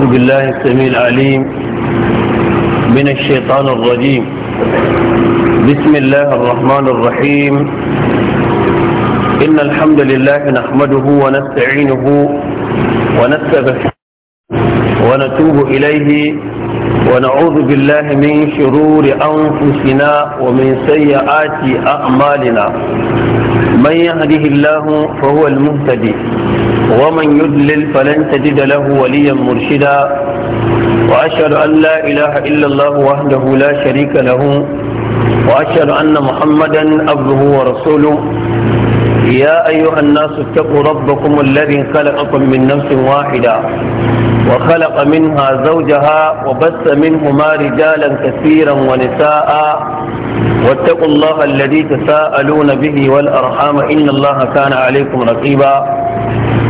أعوذ بالله السميع العليم من الشيطان الرجيم بسم الله الرحمن الرحيم إن الحمد لله نحمده ونستعينه ونستغفره ونتوب إليه ونعوذ بالله من شرور أنفسنا ومن سيئات أعمالنا من يهده الله فهو المهتدي ومن يدلل فلن تجد له وليا مرشدا وأشهد أن لا إله إلا الله وحده لا شريك له وأشهد أن محمدا عبده ورسوله يا أيها الناس اتقوا ربكم الذي خلقكم من نفس واحدة وخلق منها زوجها وبث منهما رجالا كثيرا ونساء واتقوا الله الذي تساءلون به والأرحام إن الله كان عليكم رقيبا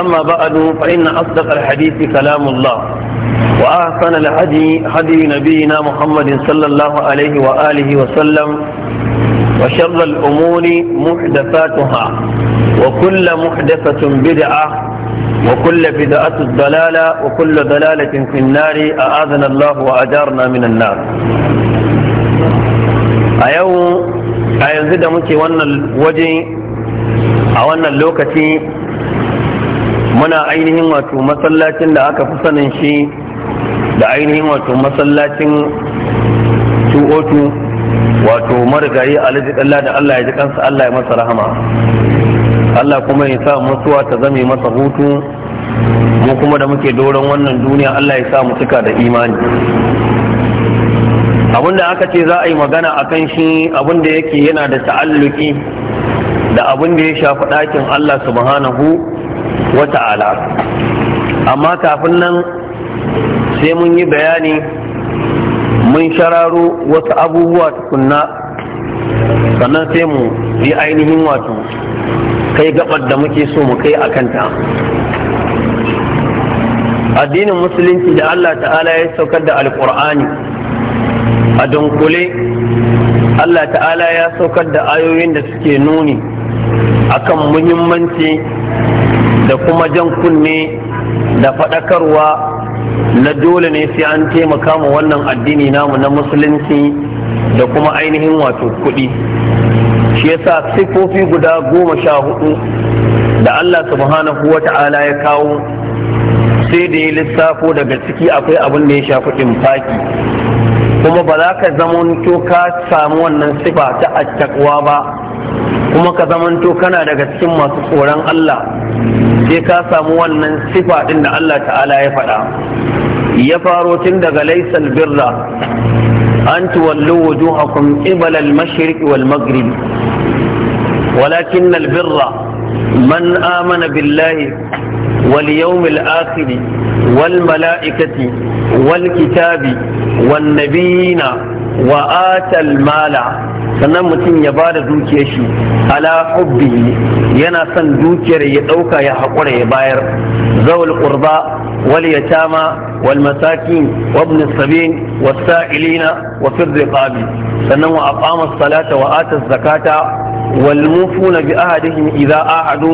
أما بعد فإن أصدق الحديث كلام الله وأحسن الهدي هدي نبينا محمد صلى الله عليه وآله وسلم وشر الأمور محدثاتها وكل محدثة بدعة وكل بدعة ضلالة وكل ضلالة في النار أعاذنا الله وأجارنا من النار أيو أيزد مكي وانا الوجه أو أن اللوكتي muna ainihin wato masallacin da aka fi sanin shi da ainihin wato masallacin 202 wato marigayi alhaji Allah da Allah ya ji kansa Allah ya masa rahama Allah kuma ya sa mutuwa ta zame masa hutu mu kuma da muke doron wannan duniya Allah ya sa mu cika da imani abinda aka ce za a yi magana a kan shi abinda yake yana da ta'alluki da abinda ya shafi ɗakin Allah subhanahu wata'ala amma kafin nan sai mun yi bayani mun shararo wasu abubuwa tukunna sannan sai mu yi ainihin wato kai gabar da muke so mu kai a kanta addinin musulunci da allah ta'ala ya saukar da alkur'ani a dunkule allah ta'ala ya saukar da ayoyin da suke nuni akan muhimmanci da kuma jan kunne da faɗakarwa na dole ne sai an taimaka wa wannan addini namu na musulunci da kuma ainihin wato kuɗi shi yasa siffofi guda goma sha hudu da Allah subhanahu wa ta'ala ya kawo sai da ya lissafo daga ciki akwai abin da ya shafi infaki kuma ba za ka zama to ka samu wannan sifa ta attaqwa ba kuma ka zamanto kana daga cikin masu tsoron Allah sai ka samu wannan sifa din da Allah ta'ala ya faɗa ya faro tun daga laisal birra an tuwallu wujuhakum qibala al-mashriq wal maghrib walakin al-birra man amana billahi wal yawmil akhir wal mala'ikati wal kitabi mala sannan mutum ya ba da dukiyar shi ala hubbi yana son dukiyar ya ɗauka ya haƙura ya bayar zawul qurba wal yatama wal masakin wa ibn sabin wa sa'ilina wa fi riqabi sannan wa aqama salata wa zakata wal mufuna bi ahadihim idha ahadu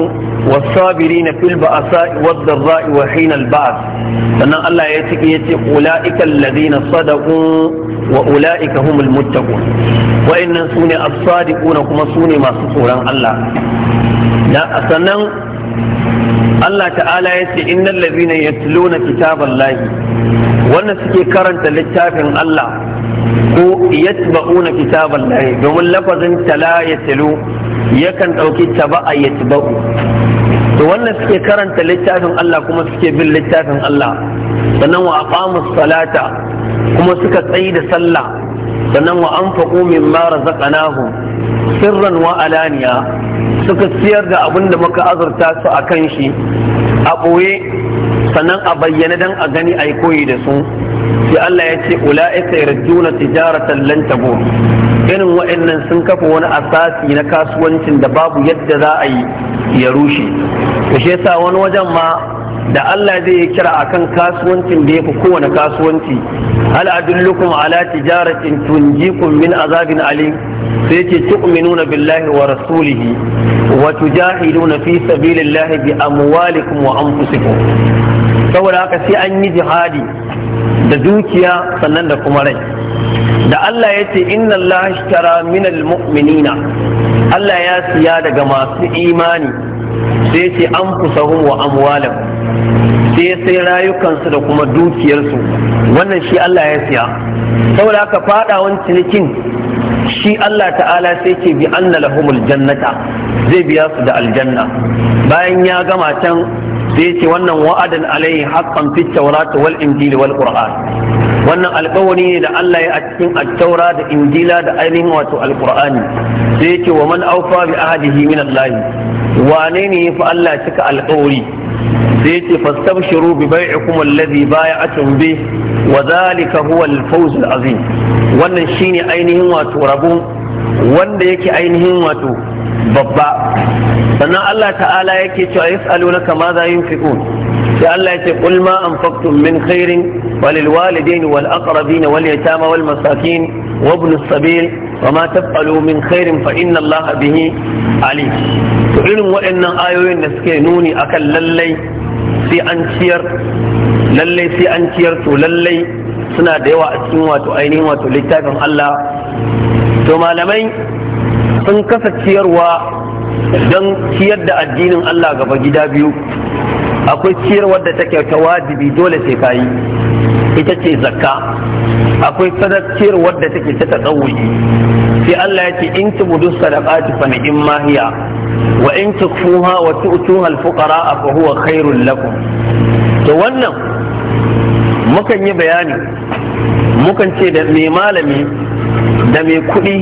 was sabirina fil ba'sa wad darra'i wa hina al sannan Allah ya ce ulaika alladhina sadaqu wa ula'ika humul muttaqun wa'annan sune as-sadiquna kuma sune masu tsoron Allah da sannan Allah ta'ala ya ce innal ladhina yatluna kitaballahi wannan suke karanta littafin Allah ko yatba'una kitaballahi domin lafazin tala yatlu yakan dauki taba'a yatba'u to wannan suke karanta littafin Allah kuma suke bin littafin Allah sannan wa aqamus salata kuma suka tsayi da sallah sannan wa anfaqu mimma razaqnahum sirran wa alaniya suka siyar da abin da muka azurta su akan shi a ɓoye sannan a bayyana dan a gani a yi koyi da su sai Allah ya ce ula'ika yarjuna tijaratan lan irin wa'annan sun kafa wani asasi na kasuwancin da babu yadda za a yi ya rushe to shi yasa wani wajen ma da Allah zai yi kira akan kasuwancin da fi kowane kasuwanci al'adullukum ala tijaratin tunjikum min azabin Ali sai yake tu'minuna billahi wa rasulihi wa tujahiduna fi sabilillahi bi amwalikum wa anfusikum saboda haka sai an yi jihadi da dukiya sannan da kuma rai da Allah ya ce inna Allah ashtara min almu'minina Allah ya siya daga masu imani sai ce an fusahum wa amwalam sai sai rayukansu da kuma dukiyarsu wannan shi Allah ya siya saboda haka fadawan cinikin shi Allah ta'ala sai ke bi anna lahumul jannata zai biya su da aljanna bayan ya gama can sai ce wannan wa'adan alaihi haqqan fit tawrat wal injil wal qur'an wannan alƙawari ne da Allah ya a cikin attaura da injila da ainihin wato alqur'ani sai ce wa man awfa bi ahdihi min Allah wane ne yafi Allah cika alƙawari sai yace fastabshiru bi bai'ikum alladhi bai'atum bi wa dhalika huwa al-fawz al-azim wannan shine ainihin wato rabo wanda yake ainihin wato babba sannan Allah ta'ala yake cewa yas'alunaka ma za yunfiqun sai Allah yake qul ma anfaqtum min khairin وللوالدين والأقربين واليتامى والمساكين وابن السبيل وما تفعلوا من خير فإن الله به عليم تعلم وإن آيوين نسكي نوني أكل للي sai an ciyar lallai sai an ciyar to lallai suna da yawa a cikin wato ainihin wato littafin Allah to malamai sun kasa ciyarwa don ciyar da addinin Allah gaba gida biyu akwai ciyarwar da take ta wajibi dole sai ka yi ita ce zakka akwai sadakar wadda take ta tsawuyi sai Allah ya ce in tubudu sadaqati fa ni'im ma hiya wa in tukfuha wa tu'tuha al-fuqara fa huwa khairul lakum to wannan mukan yi bayani mukan ce da mai malami da mai kuɗi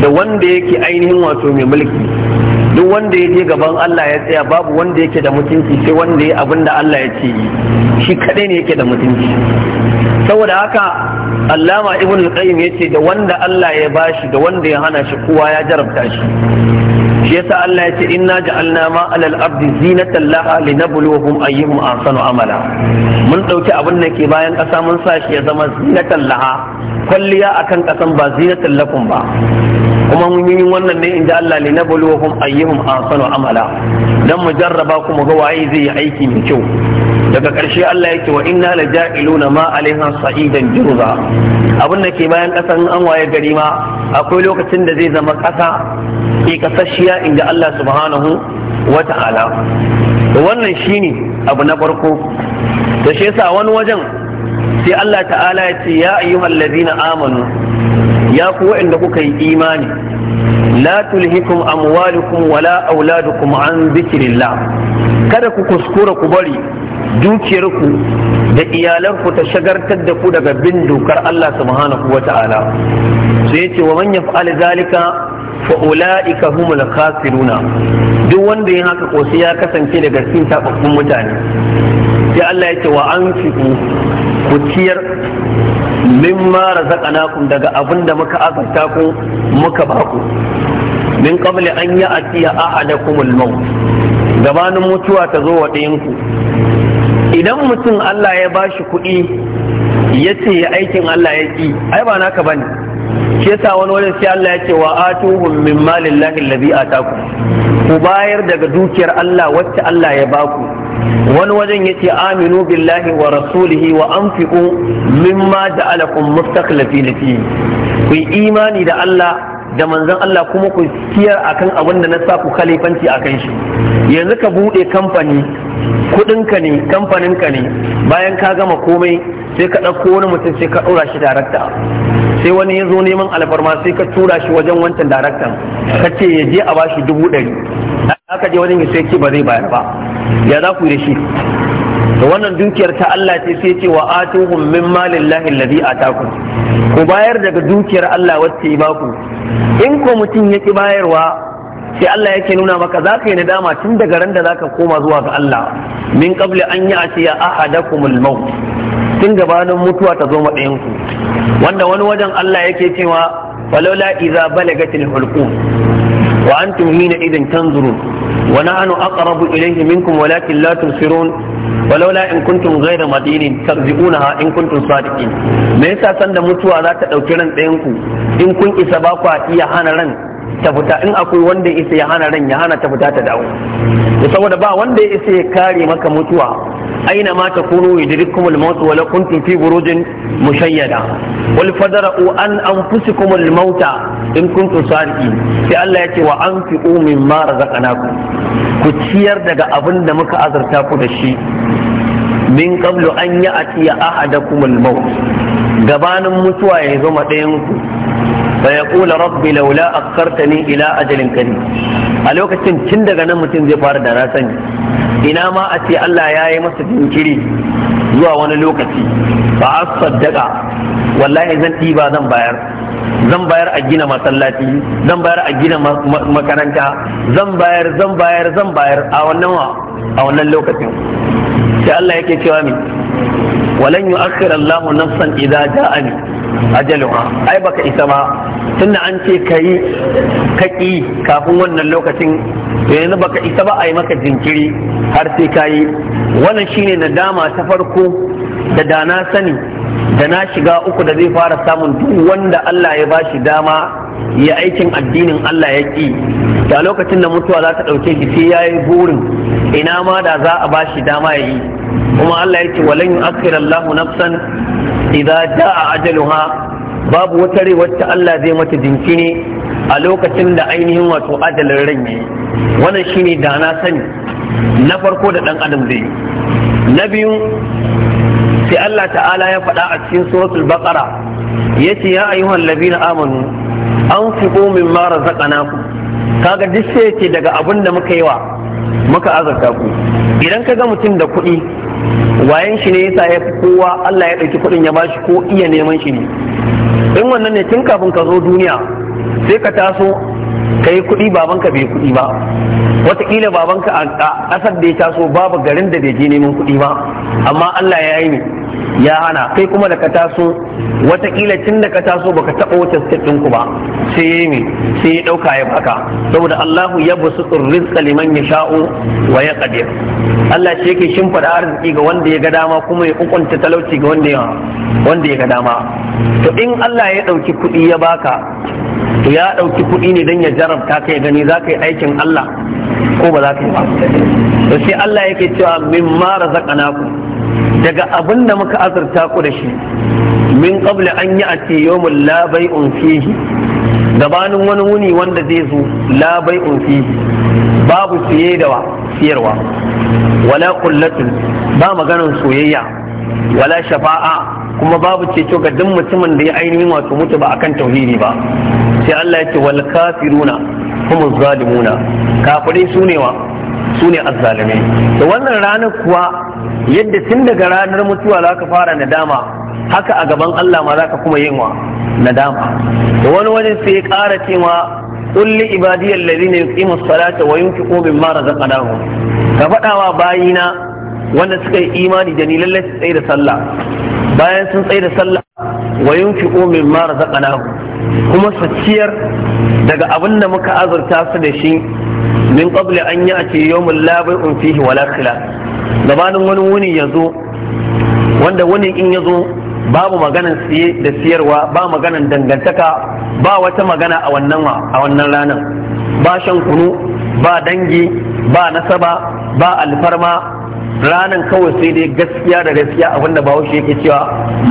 da wanda yake ainihin wato mai mulki duk wanda ya je gaban Allah ya tsaya babu wanda yake da mutunci sai wanda ya abin da Allah ya ce shi kadai ne yake da mutunci saboda haka Allama Ibn al-Qayyim yace da wanda Allah ya bashi da wanda ya hana shi kowa ya jarabta shi shi yasa Allah ya ce inna ja'alna ma alal abdi zinatan laha linabluwahum ayyuhum ahsanu amala mun dauki abin da ke bayan kasa mun sa shi ya zama zinatan laha kwalliya akan kasan ba zinatul lakum ba kuma mun yi wannan ne inda Allah ne na bulwahum ayyuhum ahsanu amala dan mu jarraba kuma ga waye zai yi aiki mai kyau daga ƙarshe Allah yake wa inna la ja'iluna ma alaiha sa'idan jurza abin da ke bayan ƙasan an waye gari ma akwai lokacin da zai zama ƙasa ke kasashiya inda Allah subhanahu wa ta'ala wannan shine abu na farko da shi wani wajen sai Allah ta'ala ya ce ya ayyuhal ladina amanu ya ku waɗanda kuka yi imani la tulhikum amwalukum wala auladukum an zikrillah kada ku kuskura ku bari dukiyarku da iyalanku ta shagartar da ku daga bin dokar Allah subhanahu wa ta'ala sai yace wa man yaf'al zalika fa ulaika humul khasiruna duk wanda ya haka ko sai ya kasance daga cikin tababbun mutane sai Allah yace wa anfiqu ku ciyar na ku daga abin da muka azarta ku muka ba ku min qabli an ya'tiya ahadakumul maut gabanin mutuwa ta zo wa idan mutum Allah ya bashi kuɗi ya ce ya aikin Allah ya ƙi ai ba naka bane ke wani wani sai Allah ya ce wa atuhum min malillahi allazi ataku ku bayar daga dukiyar Allah wacce Allah ya baku wani wajen yace aminu billahi wa rasulihi wa anfiqu mimma ja'alakum mustakhlifin fi ku imani da Allah da manzon Allah kuma ku siyar akan abin da na sa ku khalifanci akan shi yanzu ka bude kamfani kudin ka ne kamfaninka ne bayan ka gama komai sai ka ɗauko wani mutum sai ka ɗora shi darakta sai wani ya zo neman alfarma sai ka tura shi wajen wancan daraktan ka ce ya je a bashi dubu ɗari aka je wani sai ce ba zai bayar ba ya za ku yi da shi da wannan dukiyar ta Allah ce sai ce wa atuhum min malillahi a taku. ku bayar daga dukiyar Allah wacce ya baku in ko mutum ya ki bayarwa sai Allah yake nuna maka za ka yi nadama tun daga ran da za ka koma zuwa ga Allah min qabli an yi ashiya ahadakumul maut tun gabanin mutuwa ta zo matsayin ku wanda wani wajen Allah yake cewa falola iza balagatil hulqum wa antum hina idan tanzurun wa nahnu aqrabu ilayhi minkum walakin la tusirun walaula in kuntum ghayra madinin tarji'unaha in kuntum sadiqin me yasa sanda mutuwa za ta dauki ran ɗayan in kun isa ba ku iya in akwai wanda isa ya hana ta ba wanda ya isa ya kare maka mutuwa aina ma takunu yudrikumul maut wa law kuntum fi burujin mushayyada wal fadra'u an anfusikumul mauta in kuntum sadiqin sai Allah ya ce wa anfiqu mimma razaqnakum ku ciyar daga abin da muka azurta ku da shi min qablu an ya'tiya ahadakumul maut gabanin mutuwa ya zo ma ɗayan ku فيقول laula a أخرتني ila أجل كريم a lokacin tun daga nan mutum zai fara da na sani ina ma a ce Allah ya yi masa jinkiri zuwa wani lokaci ba a saddaka wallahi zan ba zan bayar zan bayar a gina masallaci zan bayar a gina makaranta zan bayar zan bayar zan bayar a wannan wa a wannan lokacin sai Allah yake cewa min walan yu'akhkhir Allah nafsan idza ja'a ajaluha ai baka isa ba tunda an ce kai kaki kafin wannan lokacin yanzu baka isa ba a yi maka jinkiri har sai kayi wannan shine nadama ta farko da dana sani da na shiga uku da zai fara samun duk wanda Allah ya bashi dama ya aikin addinin Allah ya ki da lokacin da mutuwa za ta ɗauke shi sai ya yi burin ina ma da za a ba shi dama ya yi kuma Allah ya ce walan yu'akhir Allahu nafsan idza jaa ajaluha babu wata rai wacce Allah zai mata jinkini a lokacin da ainihin wato ajalin ran yi wannan shine da na sani na farko da dan adam zai na biyu sai Allah ta'ala ya faɗa a cikin suratul baqara yace ya ayyuhal ladina amanu an fi min mara zaƙana ku kaga duk sai daga abin da muka yi wa muka azarta ku idan ka ga mutum da kuɗi wayan shi ne yasa ya fi kowa Allah ya ɗauki kuɗin ya bashi ko iya neman shi ne in wannan ne tun kafin ka zo duniya sai ka taso ka yi kuɗi babanka bai kuɗi ba wataƙila babanka a ƙasar da ya taso babu garin da bai je neman kuɗi ba amma Allah ya yi ne ya hana kai kuma da ka taso wataƙila tun da ka taso baka taɓa wata step ɗinku ba sai ya yi sai ya ɗauka ya baka saboda Allahu ya basu tsaliman liman sha'o wa ya ƙadir Allah shi yake shimfada arziki ga wanda ya ga dama kuma ya ƙunƙunta talauci ga wanda ya ga dama to in Allah ya ɗauki kuɗi ya baka to ya ɗauki kuɗi ne don ya jarabta ka ya gani za ka yi aikin Allah ko ba za ka yi ba to sai Allah yake cewa mimma razaqnakum daga abin da muka azurta ku da shi min qabla an yi ati yawmul la bai'un fihi gabanin wani wuni wanda zai zo la bai'un fihi babu siye da siyarwa wala qullatun ba maganar soyayya wala shafa'a kuma babu ceto ga duk mutumin da ya ainihin wato mutu ba akan tauhidi ba sai Allah yake wal kafiruna hum zalimuna kafirai sune wa sune azzalimai to wannan ranar kuwa yadda tun daga ranar mutuwa za ka fara nadama haka a gaban Allah ma za ka kuma yin wa nadama da wani wajen sai ya ƙara cewa kulli ibadiyal ne yuqimu salata wa mara mimma razaqnahum ka faɗawa bayina wanda suka yi imani da ni lallai su tsaye da sallah bayan sun tsaye da sallah wa mara mimma razaqnahum kuma su ciyar daga abin da muka azurta su da shi min qabli an ya'ti yawmul la bai'un fihi wala khilaf gabanin wani wuni yazo wanda wani in yazo babu maganan siye da siyarwa ba maganan dangantaka ba wata magana a wannan a wannan ranar ba shan kunu ba dangi ba nasaba ba alfarma ranan kawai sai dai gaskiya da gaskiya abinda bahaushe yake cewa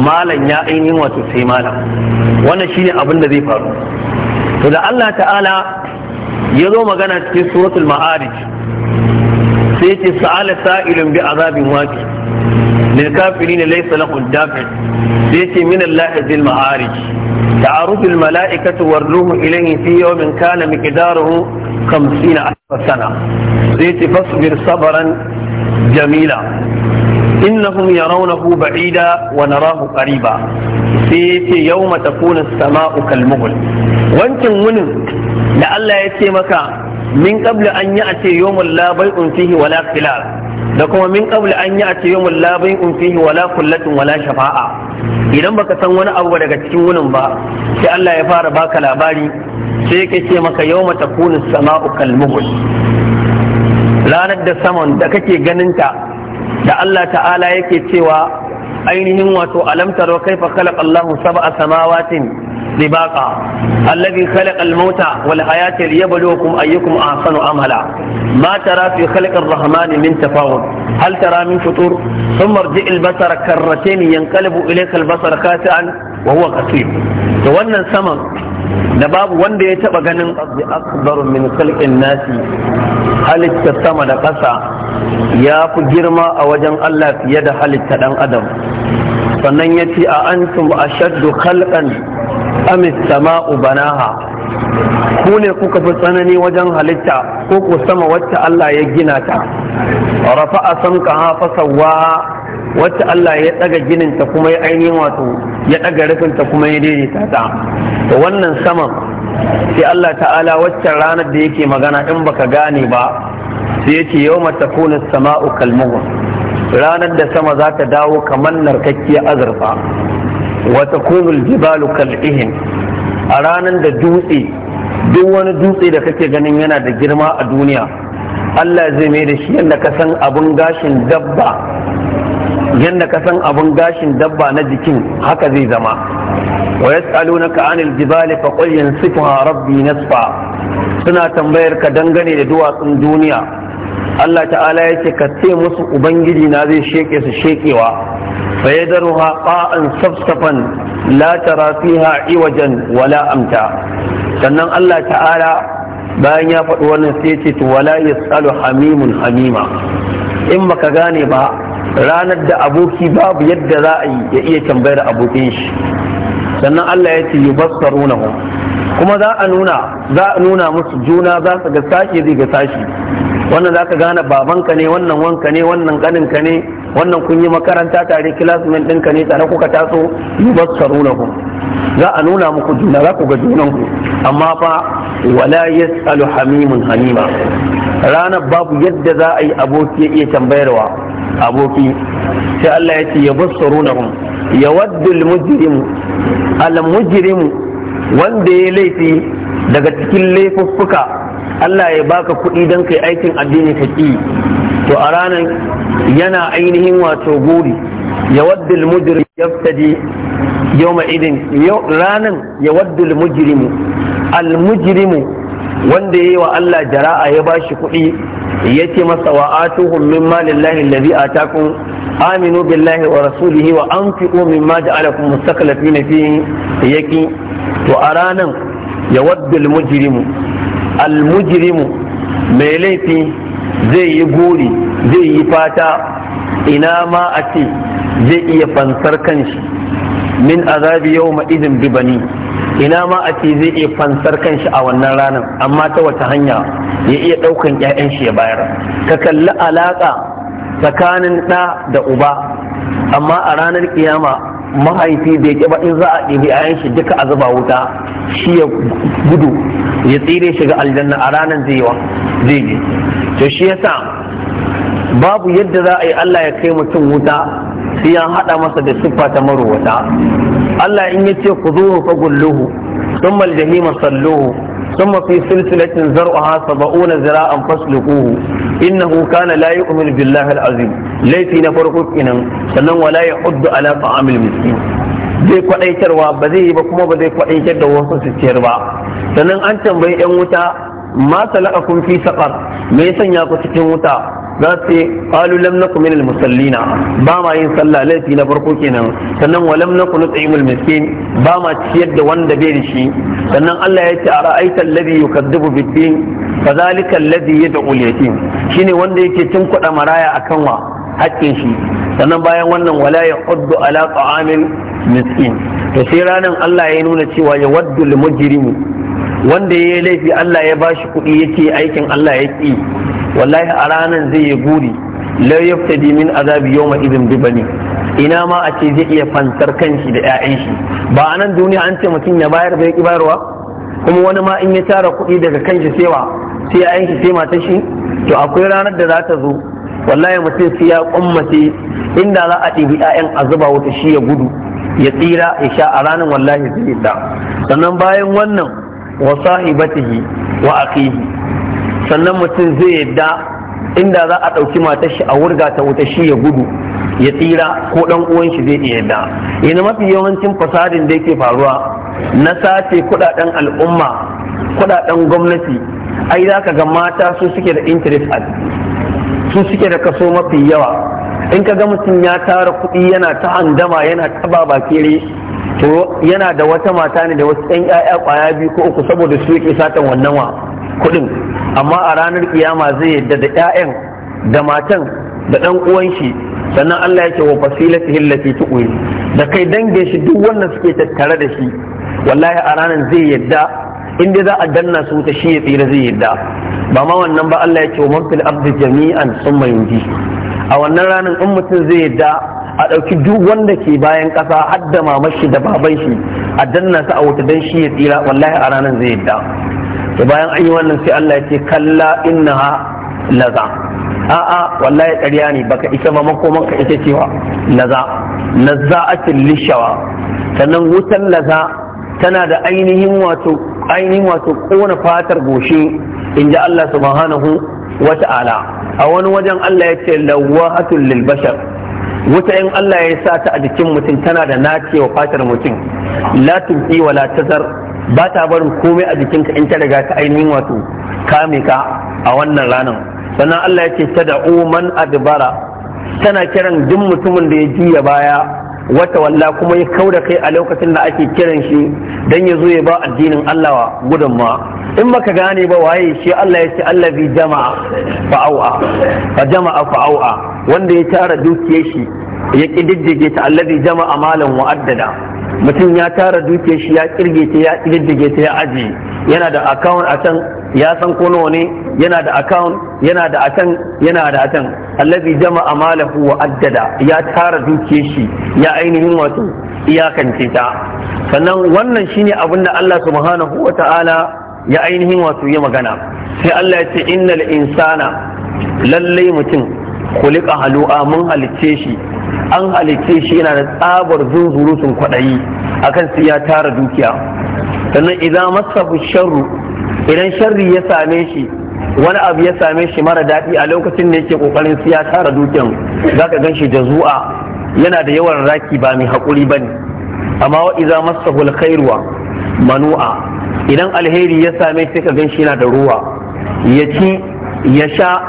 malam ya ainihin wato sai malam wannan shine abin da zai faru to da Allah ta'ala ya zo magana cikin suratul ma'arij sai ce sa'ala sa'ilun bi azabin waqi lil kafirin laysa lahu dafi sai ce min Allah zil ma'arij ta'aruf al mala'ikatu warruhu ilayhi fi yawmin kana miqdaruhu 50 alf sana sai ce fasbir sabran jamila innahum yarawnahu ba'ida wa narahu qariba sai ce yawma takuna as-sama'u kal mughl wancin munin da Allah ya ce maka min qabla an ya ce yawmul la bai'un fihi wala khilal da kuma min qabla an ya ce yawmul la bai'un fihi wala kullatin wala shafa'a idan baka san wani abu daga cikin wunin ba sai Allah ya fara baka labari sai yake ce maka yawma takunu sama'u kal muhl ranar da saman da kake ganinta da Allah ta'ala yake cewa ainihin wato alam taro kaifa khalaqa Allahu sab'a samawatin dibaqa alladhi khalaqa al-mauta wal hayata liyabluwakum ayyukum ahsanu amala ma tara fi khalqi ar-rahman min tafawud hal tara min futur thumma irji' al-basara karratayn yanqalibu ilayka al-basara khasi'an wa huwa qasim wannan saman da babu wanda ya taba ganin qaddi akbar min kalkin nasi halitta sama da ƙasa ya fi girma a wajen Allah fiye da halitta dan adam sannan ya ce a antum ashaddu khalqan amis sama'u banaha ku ne kuka fi tsanani wajen halitta ko ku sama wacce Allah ya gina ta rafa a samka hafa sawa wacce Allah ya daga ginin ta kuma ya ainihin wato ya daga rufin ta kuma ya daidaita ta wannan saman sai Allah ta'ala wacce ranar da yake magana in baka gane ba sai yace yawma takunu sama'u kalmuhu ranar da sama za ta dawo kamar narkakkiyar azurfa wata kunul jibalu kal'ihin a ranar da dutse duk wani dutse da kake ganin yana da girma a duniya Allah zai mai da shi yadda ka san abin gashin dabba yadda ka san gashin dabba na jikin haka zai zama wa na anil jibali fa qul yansifuha rabbi nasfa suna tambayar ka dangane da duwatsun duniya Allah ta'ala ya ce ka ce musu ubangiji na zai sheke su shekewa فيذرها قاء صفصفا لا ترى فيها عوجا ولا أمتا sannan Allah ta'ala bayan ya faɗi wannan sai ce to wala yasalu hamimun hamima in baka gane ba ranar da aboki babu yadda za a yi ya iya tambayar abokin shi sannan Allah ya ce yubassarunahum kuma za a nuna za a nuna musu juna za su ga sashi zai ga sashi wannan za ka gane babanka ne wannan wanka ne wannan ganinka ne wannan kun yi makaranta tare kilasmen ɗinka ne tare kuka taso ku za a nuna muku juna za ku ga junanku amma fa wala yasalu hamimun hanima ranar babu yadda za a yi aboki ya iya tambayarwa aboki sai Allah ya ce ya yabassarunahum yawaddu almujrimu almujrimu wanda ya laifi daga cikin laifuffuka Allah ya baka kuɗi don kai aikin addini ka ƙi to a ranar yana ainihin wato guri ya waddul mujrim yaftadi yawma idin ranan ya waddul mujrimu al mujrimu wanda yayi wa Allah jara'a ya bashi kuɗi yace masa wa atuhum mimma lillahi alladhi atakum aminu billahi wa rasulihi wa anfiqu mimma ja'alakum mustaklifina fihi yaki to a ranan ya waddul mujrimu almujrimu mai laifi zai yi gori zai yi fata ina ma a ce zai iya fansar kanshi min azabi yau ma'izin bibani ina ma a ce zai iya fansar kanshi a wannan ranar amma ta wata hanya ya iya ɗaukan 'ya'yan shi ya bayar ka kalli alaƙa tsakanin ɗa da uba amma a ranar kiyama mahaifi bai ke ba in za a ɗibi a shi duka a zuba wuta shi ya gudu ya tsire shiga aljanna a ranar zaiwa zai je to shi ya sa babu yadda za a yi Allah ya kai mutum wuta sai ya haɗa masa da siffa ta maruwata Allah in ya ce ku zo fa gulluhu thumma aljahima salluhu ثم في سلسلة زرعها سبعون ذراعا فاسلكوه إنه كان لا يؤمن بالله العظيم ليس نفرقك إنم سنن ولا يحض على طعام المسكين zai kwaɗaitarwa ba zai yi ba kuma ba zai kwaɗaitar da wasu su ciyar ba sannan an tambayi 'yan wuta ma salakakum fi saqar me ya sanya ku cikin wuta za su ce qalu lam nakum minal musallina ba ma yin sallah laifi na farko kenan sannan wa lam nakum nut'imul miskin ba ma ciyar da wanda bai da shi sannan Allah ya ce ara'aita alladhi yukaddibu bid-din fadhalika alladhi yad'u al-yatim shine wanda yake tun kuɗa maraya akan wa haƙƙin shi sannan bayan wannan wala yaquddu ala ta'amin miskin to sai ranan Allah ya nuna cewa yawaddu al-mujrimu wanda ya yi laifi Allah ya bashi kuɗi yake aikin Allah ya ƙi wallahi a ranar zai yi guri la yaftadi min azabi yawma idin bi bani ina ma a ce zai iya fansar kanshi da 'ya'yan shi ba a nan duniya an ce mutum ya bayar bai ki bayarwa kuma wani ma in ya tara kuɗi daga kanshi sewa sai 'ya'yan shi sai matar shi to akwai ranar da za ta zo wallahi mutum sai ya kummace inda za a ɗibi 'ya'yan a zuba wata shi ya gudu ya tsira ya sha a ranar wallahi zai ta sannan bayan wannan wa sahibatihi wa aqihi sannan mutum zai yadda inda za a ɗauki matar shi a wurga ta wuta shi ya gudu ya tsira ko dan uwan shi zai iya yadda yana mafi yawancin fasadin da yake faruwa na sace kudaden al'umma kudaden gwamnati ai za ka ga mata su suke da interest a su suke da kaso mafi yawa in ka ga mutum ya tara kuɗi yana ta handama yana ta babakere to yana da wata mata ne da wasu ɗan ƴaƴa ƙwaya biyu ko uku saboda su yake satan wannan wa kuɗin amma a ranar kiyama zai yadda da ƴaƴan da matan da ɗan uwan shi sannan Allah yake wa fasilati hillati tuwi da kai dange shi duk wannan suke tattare da shi wallahi a ranar zai yadda in za a danna su ta shi ya tsira zai yadda ba ma wannan ba Allah yake wa man fil jami'an summa yunji a wannan ranar in mutum zai yadda a ɗauki duk wanda ke bayan ƙasa hadda da mamar shi da baban shi a danna ta a wuta dan shi ya tsira wallahi a ranar zai yadda to bayan an yi wannan sai Allah ya ce kalla ha laza a'a wallahi ƙarya ne baka isa ba makoman ka ita cewa laza lazza'atil lishawa sannan wutan laza tana da ainihin wato ainihin wato kona fatar goshi in Allah subhanahu wa ta'ala a wani wajen Allah ya ce lawahatul lil bashar wuta in Allah ya sa ta a jikin mutum tana da nacewa fatar mutum la tuqi wa la tazar ba ta barin komai a jikinka in ta riga ta ainihin wato kame ka a wannan ranar sannan Allah ya ce tada'u man adbara tana kiran duk mutumin da ya juya baya wata walla kuma ya kau da kai a lokacin da ake kiran shi dan ya zo ya ba addinin Allah wa gudunma in baka gane ba waye shi Allah ya ce Allah bi jama'a fa'au'a fa jama'a fa'au'a wanda ya tara dukiyar shi ya kididdige ta allazi jama'a malan wa'addada mutum ya tara duke shi ya kirge ta ya kirge ta ya aji. yana da akawun a can ya san ko ne yana da akawun yana da a can yana da a can allazi a malahu wa addada ya tara duke shi ya ainihin wato iyakance ta sannan wannan shine abin da Allah subhanahu wa ta'ala ya ainihin wato ya magana sai Allah ya ce innal insana lallai mutum kulika halu'a mun halicce shi an halitta shi yana da tsabar zunzurutun kwaɗayi akan kan ya tara dukiya sannan idan masafi sharru idan sharri ya same shi wani abu ya same shi mara daɗi a lokacin da yake ƙoƙarin sai ya tara dukiyan za ka gan shi zuwa, yana da yawan raki ba mai haƙuri ba ne amma wa idan masafi alkhairuwa manu'a idan alheri ya same shi ka gan shi yana da ruwa ya ci ya sha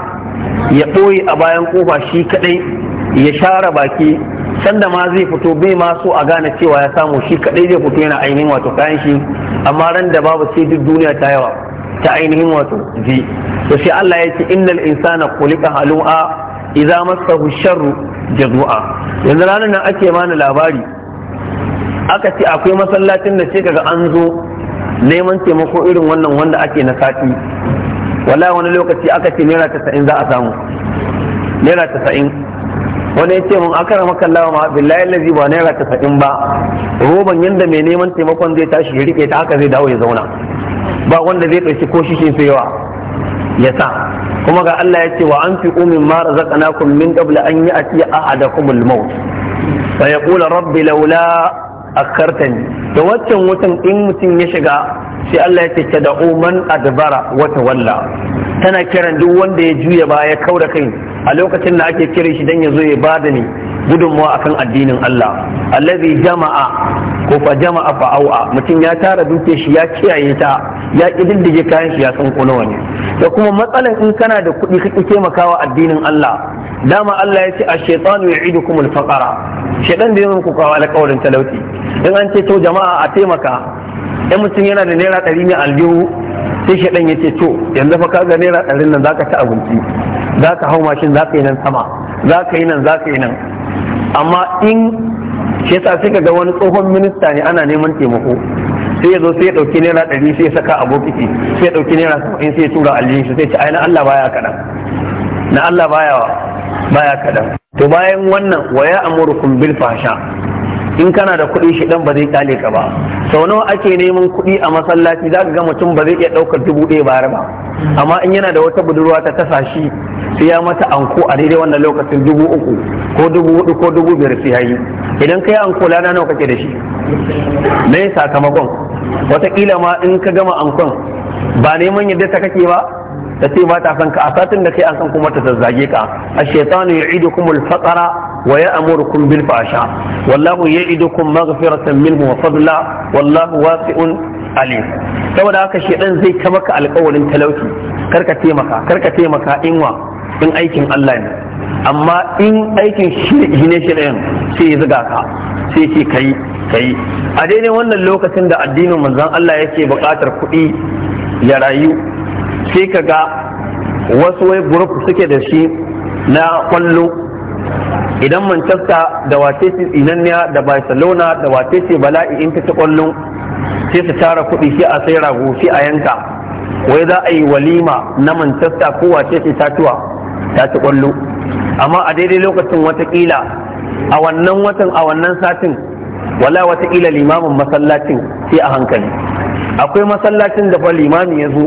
ya ɓoye a bayan ƙofa shi kaɗai ya share baki sanda ma zai fito bai ma so a gane cewa ya samu shi kadai zai fito yana ainihin wato kayan shi amma ran da babu sai duk duniya ta yawa ta ainihin wato ji to sai Allah ya ce innal insana khuliqa halu'a idza massahu sharru jazua yanzu ranar nan ake mana labari aka ce akwai masallacin da sai kaga an zo neman taimako irin wannan wanda ake na sati wallahi wani lokaci aka ce naira 90 za a samu naira 90 wani ya ce mun akara makallawa ma billahi lazi ba naira tasa'in ba roban yadda mai neman taimakon zai tashi ya rike ta haka zai dawo ya zauna ba wanda zai ɗauki ko shishin yawa ya sa kuma ga Allah ya ce wa an fi umin ma razaqnakum min qabl an ya'ti ahadakumul maut fa yaqulu rabbi laula akartani to waccan wutan in mutum ya shiga sai Allah ya ce da man adbara wata walla tana kiran duk wanda ya juya baya kaura kai a lokacin da ake kira shi dan ya zo ya bada ni gudunmawa akan addinin Allah allazi jama'a ko fa jama'a fa au'a mutum ya tara duke shi ya kiyaye ta ya kididdige kayan shi ya san ko nawa ne da kuma matsalan in kana da kuɗi kake taimakawa addinin Allah dama Allah ya ce a shaytanu ya'idukum al-faqara shedan da yake muku kawo alƙawarin talauci in an ce to jama'a a taimaka in mutum yana da naira ɗari ne aljihu sai shaɗan ya ce to yanzu fa kaga naira ɗarin nan zaka ci abinci zaka hau mashin zaka yi nan sama zaka yi nan zaka yi nan amma in shi yasa sai ga wani tsohon minista ne ana neman taimako sai ya zo sai ya ɗauki naira ɗari sai ya saka a bokiti sai ya ɗauki naira saba'in sai ya tura aljihun sai ya ce ai na Allah baya kaɗan na Allah baya baya kaɗan to bayan wannan waya amurukum bil fasha. in kana da kuɗi shi ɗan ba zai kyale ka ba sau nawa ake neman kuɗi a masallaci za ka ga mutum ba zai iya ɗaukar dubu ɗaya ba ba amma in yana da wata budurwa ta tasa shi sai ya mata anko a daidai wannan lokacin dubu uku ko dubu hudu ko dubu biyar sai yi idan yi anko lana nawa kake da shi me sakamakon wataƙila ma in ka gama ankon ba neman yadda ta kake ba ta ce ba ta san ka a satin da kai an san kuma ta zazzage ka a. ash-shaytanu ya'idukum kuma faqra wa ya ya'murukum bil fahsha wallahu ya'idukum maghfiratan minhu wa fadla wallahu wasi'un alim saboda haka shedan zai ta maka alƙawarin talauci karka taimaka karka taimaka inwa in aikin Allah ne amma in aikin shi ne shi ɗayan sai ya zuga ka sai ce kai kai a daidai wannan lokacin da addinin manzon Allah yake buƙatar kuɗi ya rayu sai ka ga wasu wai group suke da shi na kwallo idan manchester da wace ce da barcelona da wace ce bala'i in ta ci kwallo sai su tara kuɗi sai a sai rago sai a yanka wai za a yi walima na manchester ko wace ce tuwa ta ci kwallo amma a daidai lokacin watakila a wannan watan a wannan satin wala watakila limamin masallacin sai a hankali akwai masallacin da fa limami ya zo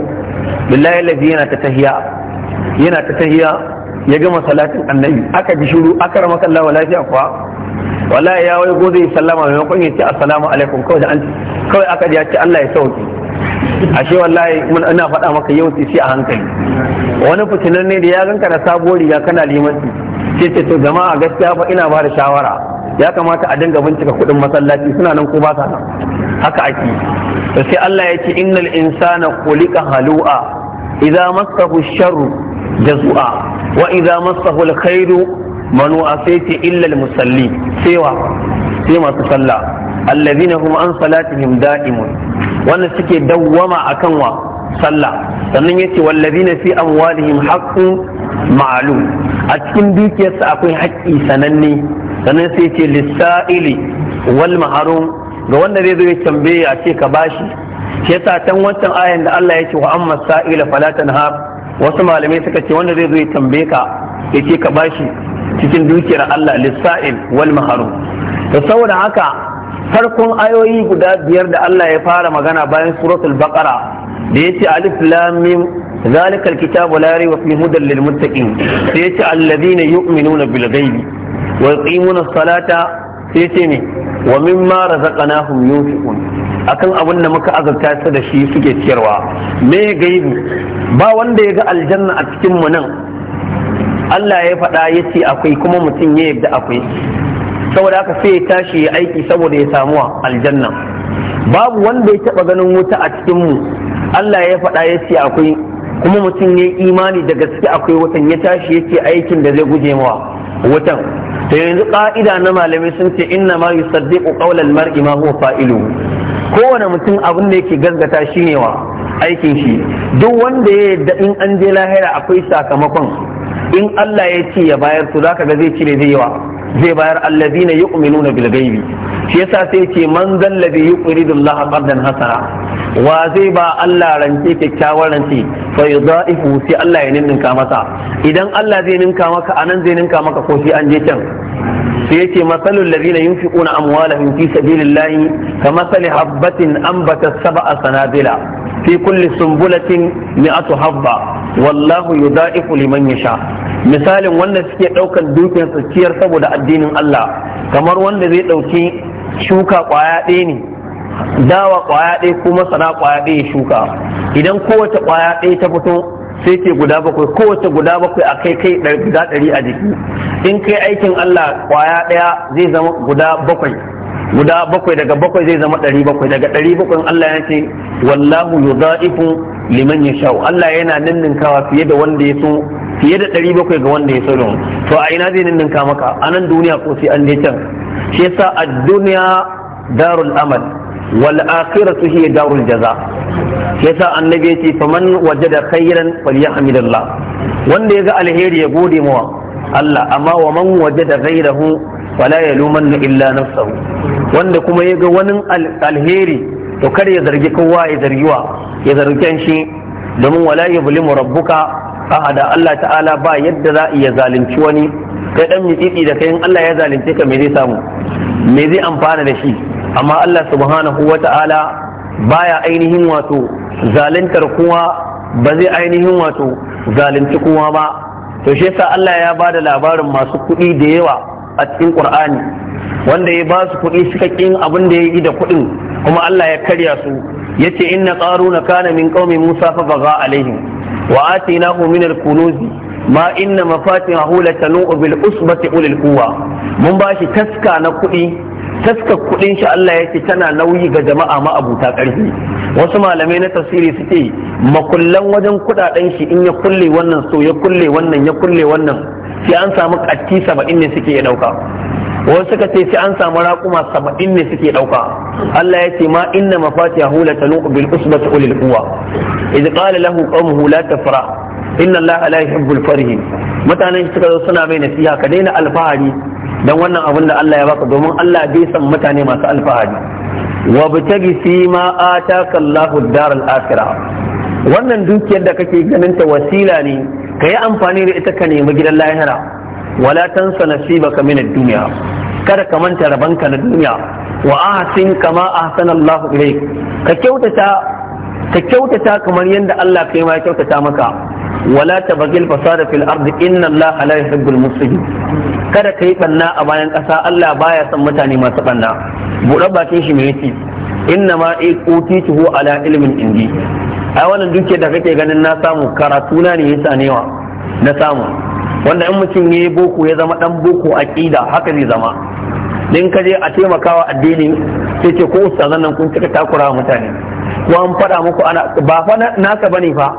billahi lafi yana ta tahiya yana ta tahiya ya gama salatin annabi aka ji shiru aka rama kallah wa lafiya kuwa wallahi ya wai gode sallama mai ya ce assalamu alaikum kawai an kawai aka ji ya ce Allah ya sauki ashe wallahi mun ina faɗa maka yau sai a hankali wani fitinan ne da ya ganka da sabuwar riga kana limanci sai ce to jama'a gaskiya fa ina ba da shawara ya kamata a dinga bincika kuɗin masallaci suna nan ko ba sa nan haka ake to sai Allah ya ce innal insana khuliqa halu'a idza massahu sharru jazua wa idza massahu alkhairu manu'a sai ce illa almusalli sai sai masu sallah allazina hum an salatihim da'imun wannan suke dawwama akan wa sallah sannan yace wallazina fi amwalihim haqqun ma'lum a cikin dukiyarsa akwai haƙƙi sananne sannan sai ce lissa'ili wal maharum ga wanda zai zo ya tambaye a ce ka bashi shi yasa tan wancan ayan da Allah ya ce wa amma sa'ila fala tanhar wasu malamai suka ce wanda zai zo ya tambaye ka ya ce ka bashi cikin dukiyar Allah lissa'il wal maharu. to saboda haka farkon ayoyi guda biyar da Allah ya fara magana bayan suratul baqara da yace alif lam mim ذلك الكتاب لا ريب فيه هدى للمتقين سيأتي الذين يؤمنون بالغيب ويقيمون الصلاة sai ce ne wa min mimma razaqnahum yunfiqun akan abin da muka azabta su da shi suke ciyarwa me gaibi ba wanda ya ga aljanna a cikin mu nan Allah ya faɗa ya ce akwai kuma mutum ya yadda akwai saboda haka sai ya tashi ya aiki saboda ya samu aljanna babu wanda ya taɓa ganin wuta a cikin mu Allah ya faɗa ya ce akwai kuma mutum ya imani da gaske akwai wutan ya tashi ya ce aikin da zai guje mawa wutan da yanzu ka'ida na malamai sun ce inna ma yusaddiqu qawla al-mar'i ma huwa fa'ilu kowane mutum abin da yake gaskata shine wa aikin shi duk wanda ya yadda in an je lahira akwai sakamakon in Allah ya ce ya bayar to zaka ga zai cire zai yi wa zai bayar alladina yu'minuna bil ghaibi shi yasa sai ce man zal ladhi yuqridu Allah qardan hasana wa zai ba Allah rance kyakkyawan rance fa yudaifu sai Allah ya ninka masa idan Allah zai ninka maka anan zai ninka maka ko sai an je can sai yace masalul ladina yunfiquna amwalahum fi sabilillahi kamathali an bata sab'a sanabila fi kulli sumbulatin mi'atu habba wallahu yudaifu liman yasha misalin wanda suke ɗaukan dukiyar su ciyar saboda addinin Allah kamar wanda zai ɗauki shuka ƙwaya ɗaya ne dawa ƙwaya ɗaya ko masana ƙwaya ɗaya ya shuka idan kowace ƙwaya ɗaya ta fito sai ce guda bakwai kowace guda bakwai a kai kai guda ɗari a jiki in kai aikin Allah ƙwaya ɗaya zai zama guda bakwai guda bakwai daga bakwai zai zama ɗari bakwai daga ɗari bakwai Allah ya ce wallahu yuzaifu liman yasha Allah yana ninninkawa fiye da wanda ya so fiye da ɗari bakwai ga wanda ya sanu to a ina zai ninninka maka a nan duniya ko sai an je can shi yasa a duniya darul amal wal akhiratu hiya darul jaza yasa annabi yace faman wajada khairan falyahmidallah wanda ya ga alheri ya gode mawa Allah amma wa man wajada ghairahu fala yalumanna illa nafsahu wanda kuma ya ga wani alheri to kar ya zargi kowa ya zargi wa ya zargi shi domin wala yuzlimu rabbuka da Allah ta'ala ba yadda za iya zalunci wani kai dan mitsitsi da kayan Allah ya zalunce ka me zai samu me zai amfana da shi amma Allah subhanahu Wata'ala, baya ainihin wato zaluntar kowa ba zai ainihin wato zalunci kowa ba to shi yasa Allah ya ba da labarin masu kuɗi da yawa a cikin Qur'ani wanda ya ba su kuɗi suka kin abin da ya yi da kuɗin kuma Allah ya karya su yace inna qaruna kana min qaumi Musa fa baga alaihim wa atinahu min al-kunuz ma inna mafatihahu latanu bil usbati ulil quwwa mun bashi taska na kuɗi taska kuɗin shi Allah ya ce tana nauyi ga jama'a ma'abuta ƙarfi wasu malamai na tafsiri suke makullan wajen kuɗaɗen shi in ya kulle wannan so ya kulle wannan ya kulle wannan sai an samu ƙatti saba'in ne suke ya ɗauka wasu suka ce sai an samu raƙuma saba'in ne suke ɗauka Allah ya ce ma inna mafatihahu la tanuqu bil usbati ulil quwa idh qala lahu qawmuhu la tafra inna Allah la yuhibbul farihin mutanen suka zo suna mai nasiha ka daina alfahari dan wannan abin da Allah ya baka domin Allah bai san mutane masu alfahari wa bitagi fi ma ataka Allahu ad-dar akhirah wannan dukiyar da kake ganin ta wasila ne ka yi amfani da ita ka nemi gidan lahira wala tansa nasibaka min ad-dunya kada ka manta rabanka na duniya wa ahsin kama ahsana Allahu ilayk ka kyautata ka kyautata kamar yadda Allah kai ma ya kyautata maka wala tabghil fasada fil ard inna Allah la yuhibbul mufsidin kada kai banna a bayan kasa Allah baya son mutane masu banna buɗe bakin shi me yace inna ma tuho ala ilmin indi ai wannan duke da kake ganin na samu karatu na ne yasa newa na samu wanda in mutum ya yi boko ya zama dan boko a ƙida haka zai zama din ka je a taimakawa addini sai ce ko ustazan nan kun cika takura mutane ko an faɗa muku ana ba fa naka bane fa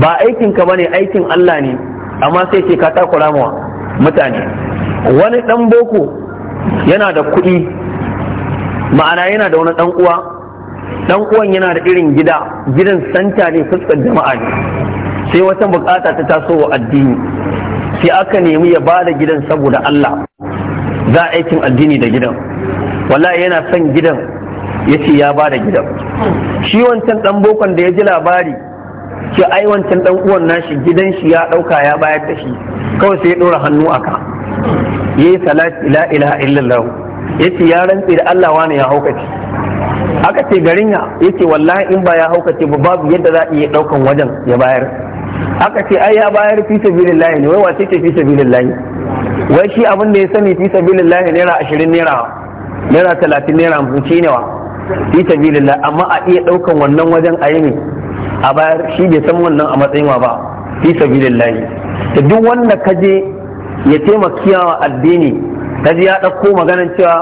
ba aikin ka bane aikin Allah ne amma sai ce ka takura wa mutane wani dan boko yana da kuɗi ma'ana yana da wani dan uwa dan uwan yana da irin gida gidan santa ne fuskar jama'a ne sai wata bukata ta taso wa addini sai aka nemi ya ba da gidan saboda Allah za a aikin addini da gidan wallahi yana son gidan ya ce ya bada gidan shi wancan dan bokon da ya ji labari ke ai wancan dan uwan nashi gidan shi ya dauka ya bayar da shi kawai sai ya dora hannu aka yayi salati la ilaha illallah yace ya rantsi da Allah wani ya haukace aka ce garin ya yace wallahi in ba ya haukace ba babu yadda za a iya daukan wajen ya bayar aka ce ai ya bayar fi sabilillahi ne wai wace ce fi sabilillahi wai shi abin da ya sani fi sabilillahi naira ashirin naira naira talatin naira hamsin shi ne wa fi sabilillahi amma a iya ɗaukan wannan wajen a yi ne a bayar shi bai san wannan a matsayin wa ba fi sabilillahi da duk wanda ka je ya taimaka wa addini kaje ya ɗauko maganar cewa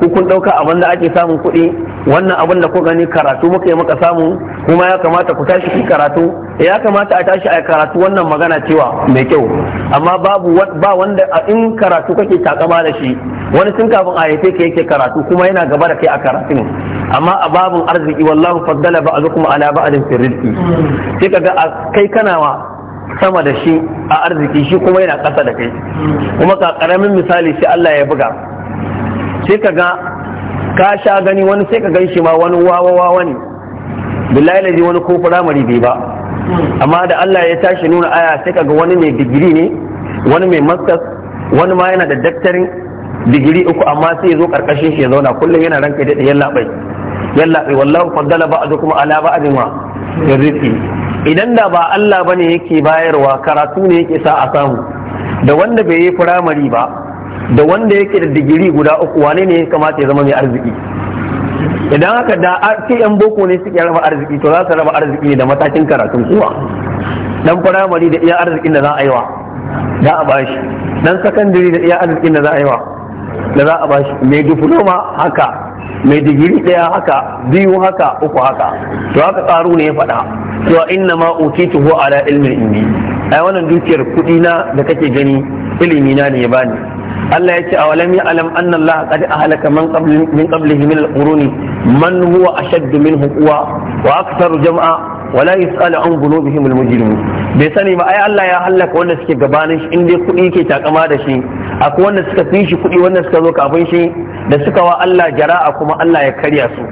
ko kun ɗauka abin da ake samun kuɗi wannan abin da ku gani karatu muka yi muka samu kuma ya kamata ku tashi ki karatu ya kamata a tashi a karatu wannan magana cewa mai kyau amma babu ba wanda a in karatu kake takama da shi wani tun kafin a haife ka yake karatu kuma yana gaba da kai a karatun amma a babun arziki wallahu faddala ba'dukum ala ba'din fi rizqi sai kaga kai kana sama da shi a arziki shi kuma yana ƙasa da kai kuma ka karamin misali sai Allah ya buga sai kaga ka sha gani wani sai ka gan shi ma wani wawa wawa ne billahi lazi wani ko firamare bai ba amma da Allah ya tashi nuna aya sai ga wani mai digiri ne wani mai masters wani ma yana da daktarin digiri uku amma sai ya zo karkashin shi ya zauna kullum yana ranka da yalla bai yalla bai wallahi faddala ba'dukum ala ba'din wa rizqi idan da ba Allah bane yake bayarwa karatu ne yake sa a samu da wanda bai yi firamare ba da wanda yake da digiri guda uku wane ne ya kamata ya zama mai arziki idan haka da ake yan boko ne suke raba arziki to za su raba arziki ne da matakin karatun kowa dan firamare da iya arzikin da za a yi wa da a bashi dan sakandare da iya arzikin da za a yi wa da za a bashi mai diploma haka mai digiri ɗaya haka biyu haka uku haka to haka karu ne ya faɗa cewa inna ma utitu ko ala ilmin indi ai wannan dukiyar kuɗi na da kake gani ilimi na ne ya bani Allah ya ce a walam ya'lam anna Allah qad ahlaka man qabli min qablihi min al-quruni man huwa ashaddu minhu quwwa wa aktharu jam'a wala yus'alu an dhunubihim al-mujrimun bai sani ba ai Allah ya halaka wanda suke gabanin shi in dai kuɗi ke takama da shi akwai wanda suka fi shi kuɗi wanda suka zo kafin shi da suka wa Allah jara'a kuma Allah ya karya su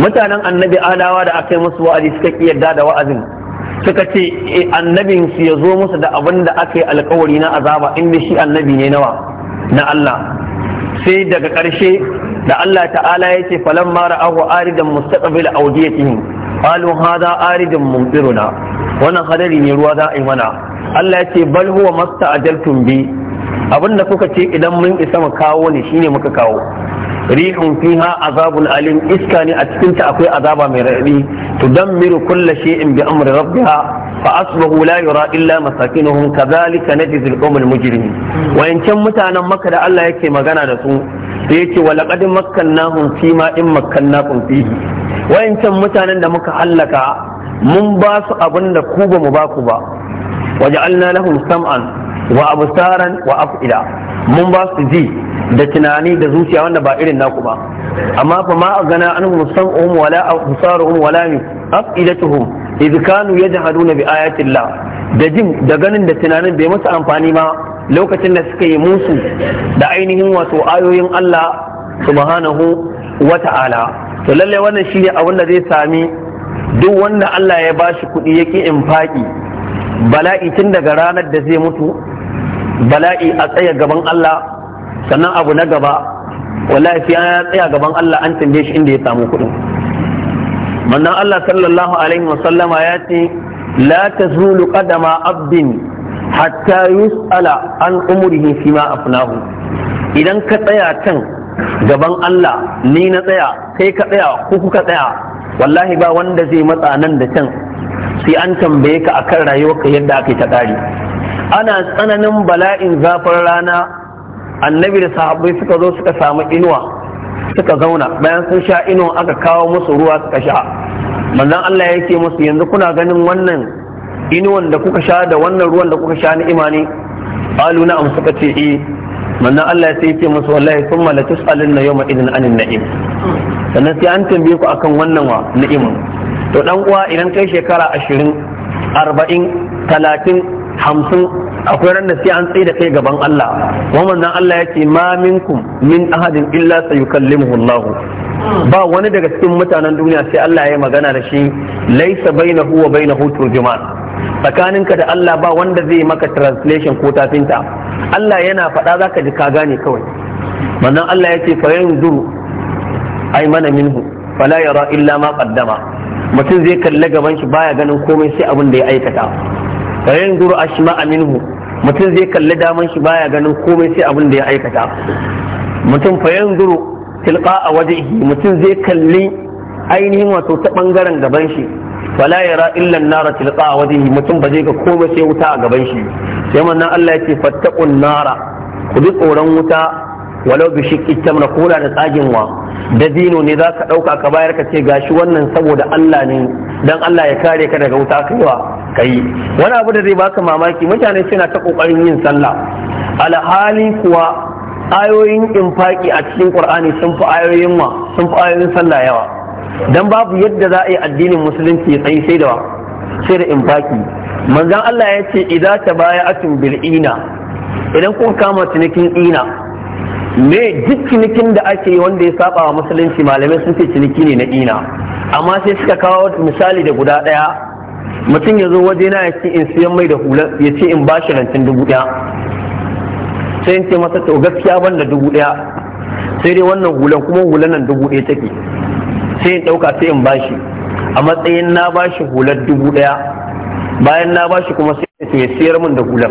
mutanen annabi adawa da aka yi musu wa'azi suka ki yarda da wa'azin suka ce eh, annabin su ya zo musu da abin da aka yi alkawari na azaba inda shi annabi ne nawa na Allah sai daga ƙarshe da Allah ta'ala ya ce falan mara ahu aridan mustaqbil awdiyatihim qalu hadha aridun mumtiruna wannan hadari ne ruwa za a yi mana Allah ya ce bal huwa masta'ajaltum bi abin da kuka ce idan mun isa mu kawo ne shine muka kawo rihun fiha azabun alim iska ne a cikin ta akwai azaba mai raɗi tudammiru kulla shay'in bi amri rabbiha fa asbahu la yura illa masakinuhum kadhalika najzil qawmal mujrimin wayancan mutanen maka da Allah yake magana da su sai yake wa laqad makkannahum fi ma in makkannakum fihi wayancan mutanen da muka hallaka mun ba su abin da ku ba mu ba ku ba waja'alna lahum sam'an wa absaran wa Af'ida, mun ba su ji da tunani da zuciya wanda ba irin naku ba amma fa ma gana an musam'uhum wala absaruhum wala ni af'ilatuhum idh kanu yajhaduna bi ayati Allah da jin da ganin da tunanin bai musu amfani ma lokacin da suka yi musu da ainihin wato ayoyin Allah subhanahu wa ta'ala to lalle wannan shine abin da zai sami duk wanda Allah ya bashi kuɗi yake faki bala'i tun daga ranar da zai mutu bala'i a tsaya gaban Allah sannan abu na gaba wallahi sai ya tsaya gaban Allah an tambaye shi inda ya samu kuɗin mannan Allah sallallahu alaihi wasallama ya ce la tazulu qadama abdin hatta yus'ala an umrihi ma afnahu idan ka tsaya can gaban Allah ni na tsaya kai ka tsaya ko kuka tsaya wallahi ba wanda zai matsa nan da can sai an tambaye ka akan rayuwarka yadda ake ta tsari ana tsananin bala'in zafin rana annabi da sahabbai suka zo suka samu inuwa suka zauna bayan sun sha inuwa aka kawo musu ruwa suka sha manzon Allah yake musu yanzu kuna ganin wannan inuwan da kuka sha da wannan ruwan da kuka sha ni imani qalu na'am suka ce eh manzon Allah sai yake musu wallahi thumma la tus'alunna yawma idin anin na'im sannan sai an tambaye ku akan wannan wa ni'imin to dan uwa idan kai shekara 20 40 30 hamsin akwai ran da sai an tsaye da kai gaban Allah wa manzon Allah yake ma minkum min ahadin illa sayukallimuhu Allah ba wani daga cikin mutanen duniya sai Allah ya magana da shi laisa bainahu wa bainahu turjuman ka da Allah ba wanda zai maka translation ko tafinta Allah yana faɗa zaka ji ka gane kawai manzon Allah yake fa yanzu ai mana minhu fala yara illa ma qaddama mutum zai kalle gaban shi baya ganin komai sai abin da ya aikata bayan guru ashma minhu mutum zai kalli daman shi baya ganin komai sai abin da ya aikata mutum fayan guru tilqa a wajehi mutum zai kalli ainihin wato ta bangaren gaban shi wala yara illan nara tilka a wajehi mutum ba zai ga komai sai wuta a gaban shi sai mannan Allah ya ce fattaqun nara ku ji tsoron wuta walau bi shiqqi tamra kula da tsagin wa da dino ne zaka ɗauka ka bayar ka ce gashi wannan saboda Allah ne dan Allah ya kare ka daga wuta kaiwa kai wani abu da zai baka mamaki mutane suna ta kokarin yin sallah alhali kuwa ayoyin infaki a cikin qur'ani sun fi ayoyin ma sun fi ayoyin sallah yawa dan babu yadda za a yi addinin musulunci ya tsayi sai da sai da infaki manzon Allah ya ce idza tabaya'atum bil ina idan kun kama cinikin ina me duk cinikin da ake yi wanda ya saba wa musulunci malamai sun ce ciniki ne na ina amma sai suka kawo misali da guda ɗaya mutum ya zo waje na ya in siyan mai da hula ya ce in bashi rancin dubu ɗaya sai in ce masa to gaskiya ban da dubu ɗaya sai dai wannan hulan kuma hulan nan dubu ɗaya take sai in ɗauka sai in bashi a matsayin na bashi hular dubu ɗaya bayan na bashi kuma sai ya siyar min da hular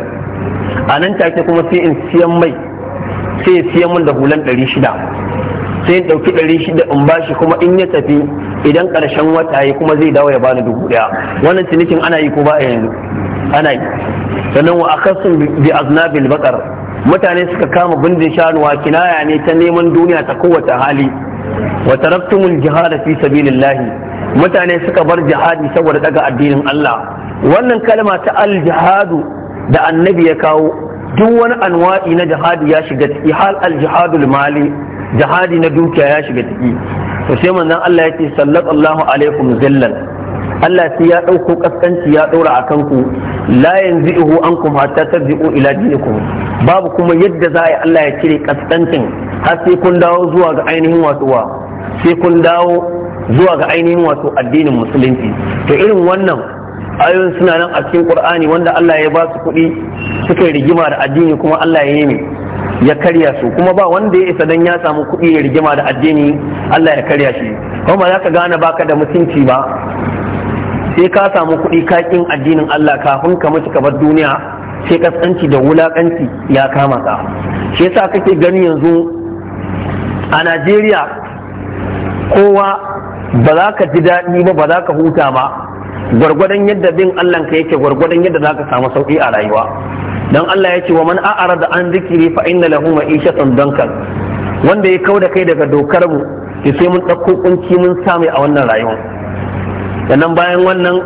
a nan take kuma sai in siyan mai sai ya siya mun da hulan ɗari shida sai in ɗauki ɗari shida in bashi kuma in ya tafi idan ƙarshen wata ya kuma zai dawo ya bani dubu ɗaya wannan cinikin ana yi ko ba a yanzu ana yi sannan wa akasun bi aznabil bakar mutane suka kama bindin shanuwa kinaya ne ta neman duniya ta kowace hali wa taraktumul jihad fi sabilillah mutane suka bar jihadi saboda daga addinin Allah wannan kalma ta al jihadu da annabi ya kawo duk wani anwa'i na jihadi ya shiga ciki hal al jihadul mali jihadi na dukiya ya shiga ciki to sai manzon Allah ya ce sallallahu alaikum zillan Allah sai ya dauko kaskanci ya daura akan ku la yanzihu ankum hatta tarji'u ila dinikum babu kuma yadda za a yi Allah ya cire kaskancin har sai kun dawo zuwa ga ainihin wato sai kun dawo zuwa ga ainihin wato addinin musulunci to irin wannan ayoyin suna nan a cikin qur'ani wanda Allah ya ba su kuɗi suka rigima da addini kuma Allah ya yi ya karya su kuma ba wanda ya isa dan ya samu kuɗi ya rigima da addini Allah ya karya shi kuma za ka gane baka da mutunci ba sai ka samu kuɗi kakin addinin Allah kafin ka mutu ka bar duniya sai kaskanci da wulakanci ya kama ka shi yasa kake gani yanzu a Najeriya kowa ba za ka ji daɗi ba ba za ka huta ba gwargwadon yadda bin Allah ka yake gwargwadon yadda zaka samu sauki a rayuwa Don Allah ya ce wa man da an zikiri fa inna lahu ma'ishatan dankan wanda ya kauda kai daga dokar mu ya sai mun ɗauko kunci mun same a wannan rayuwa sannan bayan wannan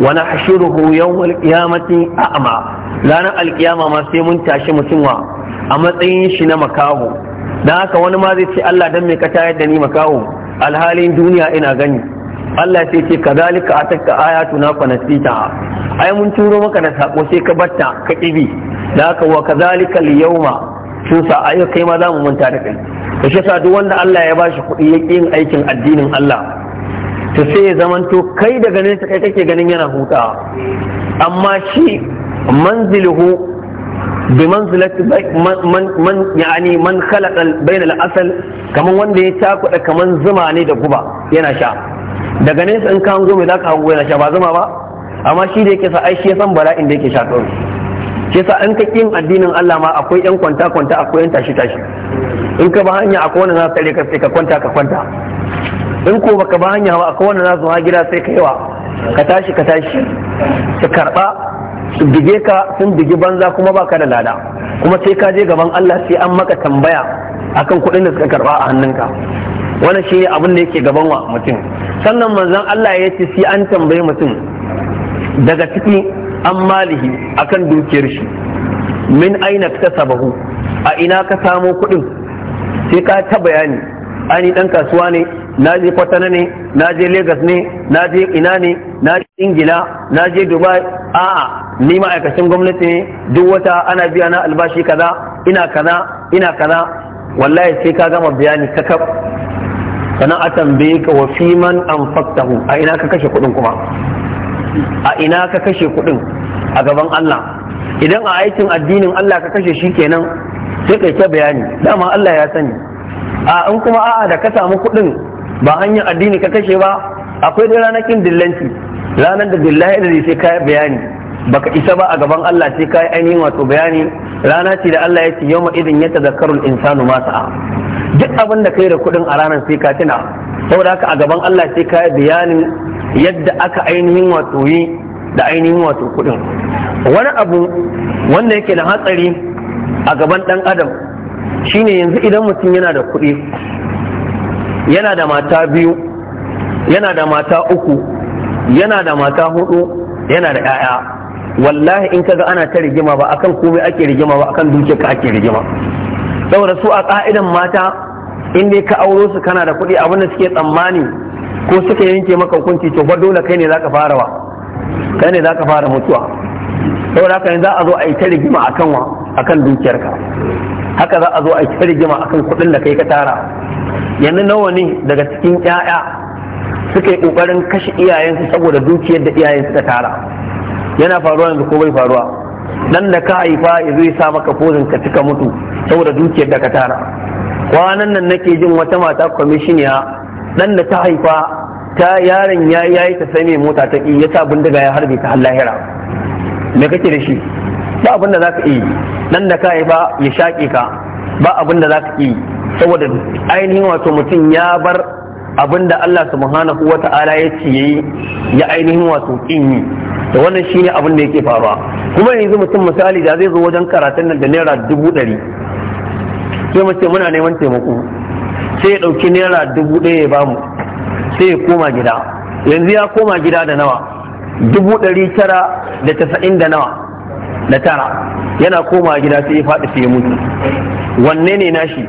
wa nahshuruhu yawmal qiyamati a'ma ranar alkiyama ma sai mun tashi mutum wa a matsayin shi na makaho dan haka wani ma zai ce Allah dan me ka tayar da ni makaho alhalin duniya ina gani Allah sai ce kazalika ataka ayatuna fa nasita ai mun turo maka da sako sai ka batta ka kibi da haka wa kazalika al-yawma tusa ai kai ma zamu manta da kai to shi duk wanda Allah ya bashi kuɗi ya yin aikin addinin Allah to sai ya zamanto kai da ganin sa kai kake ganin yana huta. amma shi manziluhu bi manzilati man man yani man khalaqa bainal asal kaman wanda ya cakuɗa kaman zuma ne da guba yana sha daga nesa in ka zo mai za ka hango yana sha ba zama ba amma shi da yake sa ai shi ya san bala'in da yake sha kawai shi yasa an ka kin addinin Allah ma akwai yan kwanta kwanta akwai yan tashi tashi in ka ba hanya akwai wani za su tsare ka sai ka kwanta ka kwanta in ko baka ba hanya ba akwai wani za su ha gida sai ka yawa ka tashi ka tashi su karba su dige ka sun dige banza kuma baka da lada kuma sai ka je gaban Allah sai an maka tambaya akan kuɗin da suka karba a hannunka wani shi abin da yake gaban wa mutum sannan manzon Allah ya ce sai an tambayi mutum daga ciki an malihi a kan dukiyar shi min aina sabahu a ina ka samo kuɗin sai ka ta bayani ani dan kasuwa ne na je kwatana ne na je Legas ne na je ina ne na je ingila na je dubai a'a ni ma'aikacin gwamnati ne duk wata ana biya na albashi kaza ina kaza ina kaza wallahi sai ka gama bayani kakab sannan a tambaye ka wa fiman an faktahu a ina ka kashe kuɗin kuma a ina ka kashe kuɗin a gaban Allah idan a aikin addinin Allah ka kashe shi kenan sai kai ta bayani dama Allah ya sani a in kuma a'a da ka samu kuɗin ba hanyar addini ka kashe ba akwai da ranakin dillanci ranar da dillahi da sai ka bayani baka isa ba a gaban Allah sai ka yi ainihin wato bayani rana ce da Allah ya ce yau ma'izin ya zakarun insanu ma a duk abin da kai da kuɗin a ranar sai ka tuna saboda haka a gaban Allah sai ka bayanin yadda aka ainihin wato yi da ainihin wato kuɗin wani abu wanda yake da hatsari a gaban dan adam shine yanzu idan mutum yana da kuɗi yana da mata biyu yana da mata uku yana da mata hudu yana da 'ya'ya wallahi in kaga ana ta rigima ba akan komai ake rigima ba akan dukiyar ka ake rigima saboda su a ka'idan mata in dai ka auro su kana da kuɗi abin da suke tsammani ko suka yanke maka hukunci to fa dole kai ne zaka fara wa kai ne zaka fara mutuwa saboda haka za a zo a yi ta rigima akan wa akan dukiyar ka haka za a zo a yi ta rigima akan kuɗin da kai ka tara yanzu nawa ne daga cikin ƴaƴa suka yi ƙoƙarin kashe iyayensu saboda dukiyar da iyayen suka tara yana faruwa yanzu ko bai faruwa dan da ka haifa yanzu ya sa maka fozin ka cika mutu saboda dukiyar da ka tara kwanan nan nake jin wata mata kwamishiniya dan da ta haifa ta yaron ya yayi ta sai mai mota ta ki ya sa bindiga ya harbe ta lahira me kake da shi ba abin da zaka yi dan da ka haifa ya shaƙe ka ba abin da zaka yi saboda ainihin wato mutum ya bar Abin da Allah subhanahu wa ta'ala ya ce yayi ya ainihin wato kin yi da wannan shine abin da yake faruwa kuma yanzu mutum misali da zai zo wajen karatun nan da naira dubu ɗari sai mu ce muna neman taimako sai ya ɗauki naira dubu ɗaya ya bamu sai ya koma gida yanzu ya koma gida da nawa dubu ɗari tara da tasa'in da nawa da tara yana koma gida sai ya faɗi sai ya mutu wanne ne nashi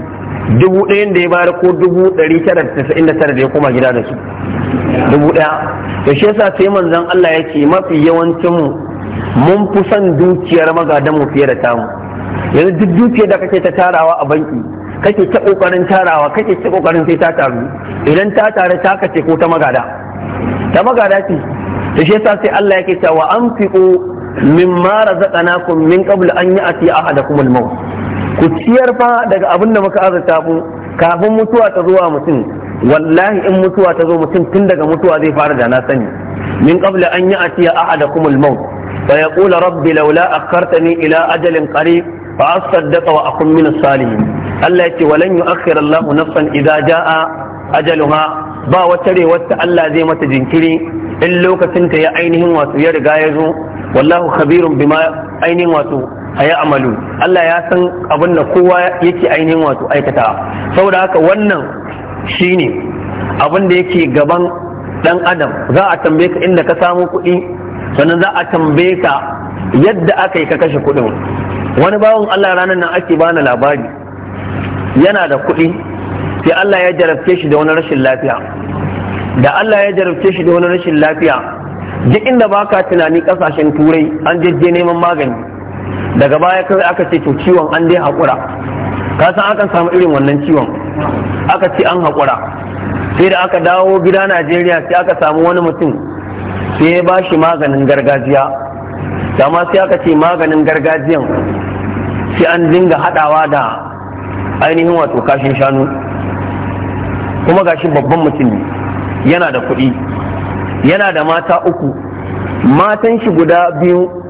dubu ɗayan da ya bayar ko dubu ɗari tara da tasa'in da tara da ya koma gida da su dubu ɗaya da shi yasa sai manzon Allah ya ce mafi yawancin mu mun fi son dukiyar magadan mu fiye da tamu yanzu duk dukiyar da kake ta tarawa a banki kake ta kokarin tarawa kake ta kokarin sai ta taru idan ta tare ta kace ko ta magada ta magada ce da shi yasa sai Allah yake cewa an mimma razaqnakum min qabl an ya'ti ahadakum al-maut ku ciyar fa daga abin da muka azurta ku kafin mutuwa ta zuwa mutum wallahi in mutuwa ta zo mutum tun daga mutuwa zai fara da na sani min qabla an yi atiya ahadakum al-maut fa yaqulu rabbi laula akhartani ila ajalin qarib fa asaddaqa wa akun min as-salihin Allah yace walan yu'akhkhir Allahu nafsan idza jaa ajaluha ba wata wata Allah zai mata jinkiri in lokacin ta ya ainihin wato ya riga ya zo wallahu khabirun bima ainihin wato a yi amalu Allah ya san abin da kowa yake ainihin wato aikata saboda haka wannan shine abin da yake gaban dan adam za a tambaye ka inda ka samu kuɗi sannan za a tambaye ka yadda aka yi ka kashe kuɗin wani bawan Allah ranar nan ake bani labari yana da kuɗi sai Allah ya jarabce shi da wani rashin lafiya da Allah ya jarabce shi da wani rashin lafiya duk inda baka tunani kasashen turai an jejje neman magani daga baya kawai aka ce to ciwon an dai haƙura ka san akan samu irin wannan ciwon aka ce an hakura, sai da aka dawo gida najeriya sai aka samu wani mutum sai ya ba shi maganin gargajiya dama sai aka ce maganin gargajiyan sai an dinga haɗawa da ainihin wato kashin shanu kuma gashi babban mutum yana da kuɗi yana da mata uku matan shi guda biyu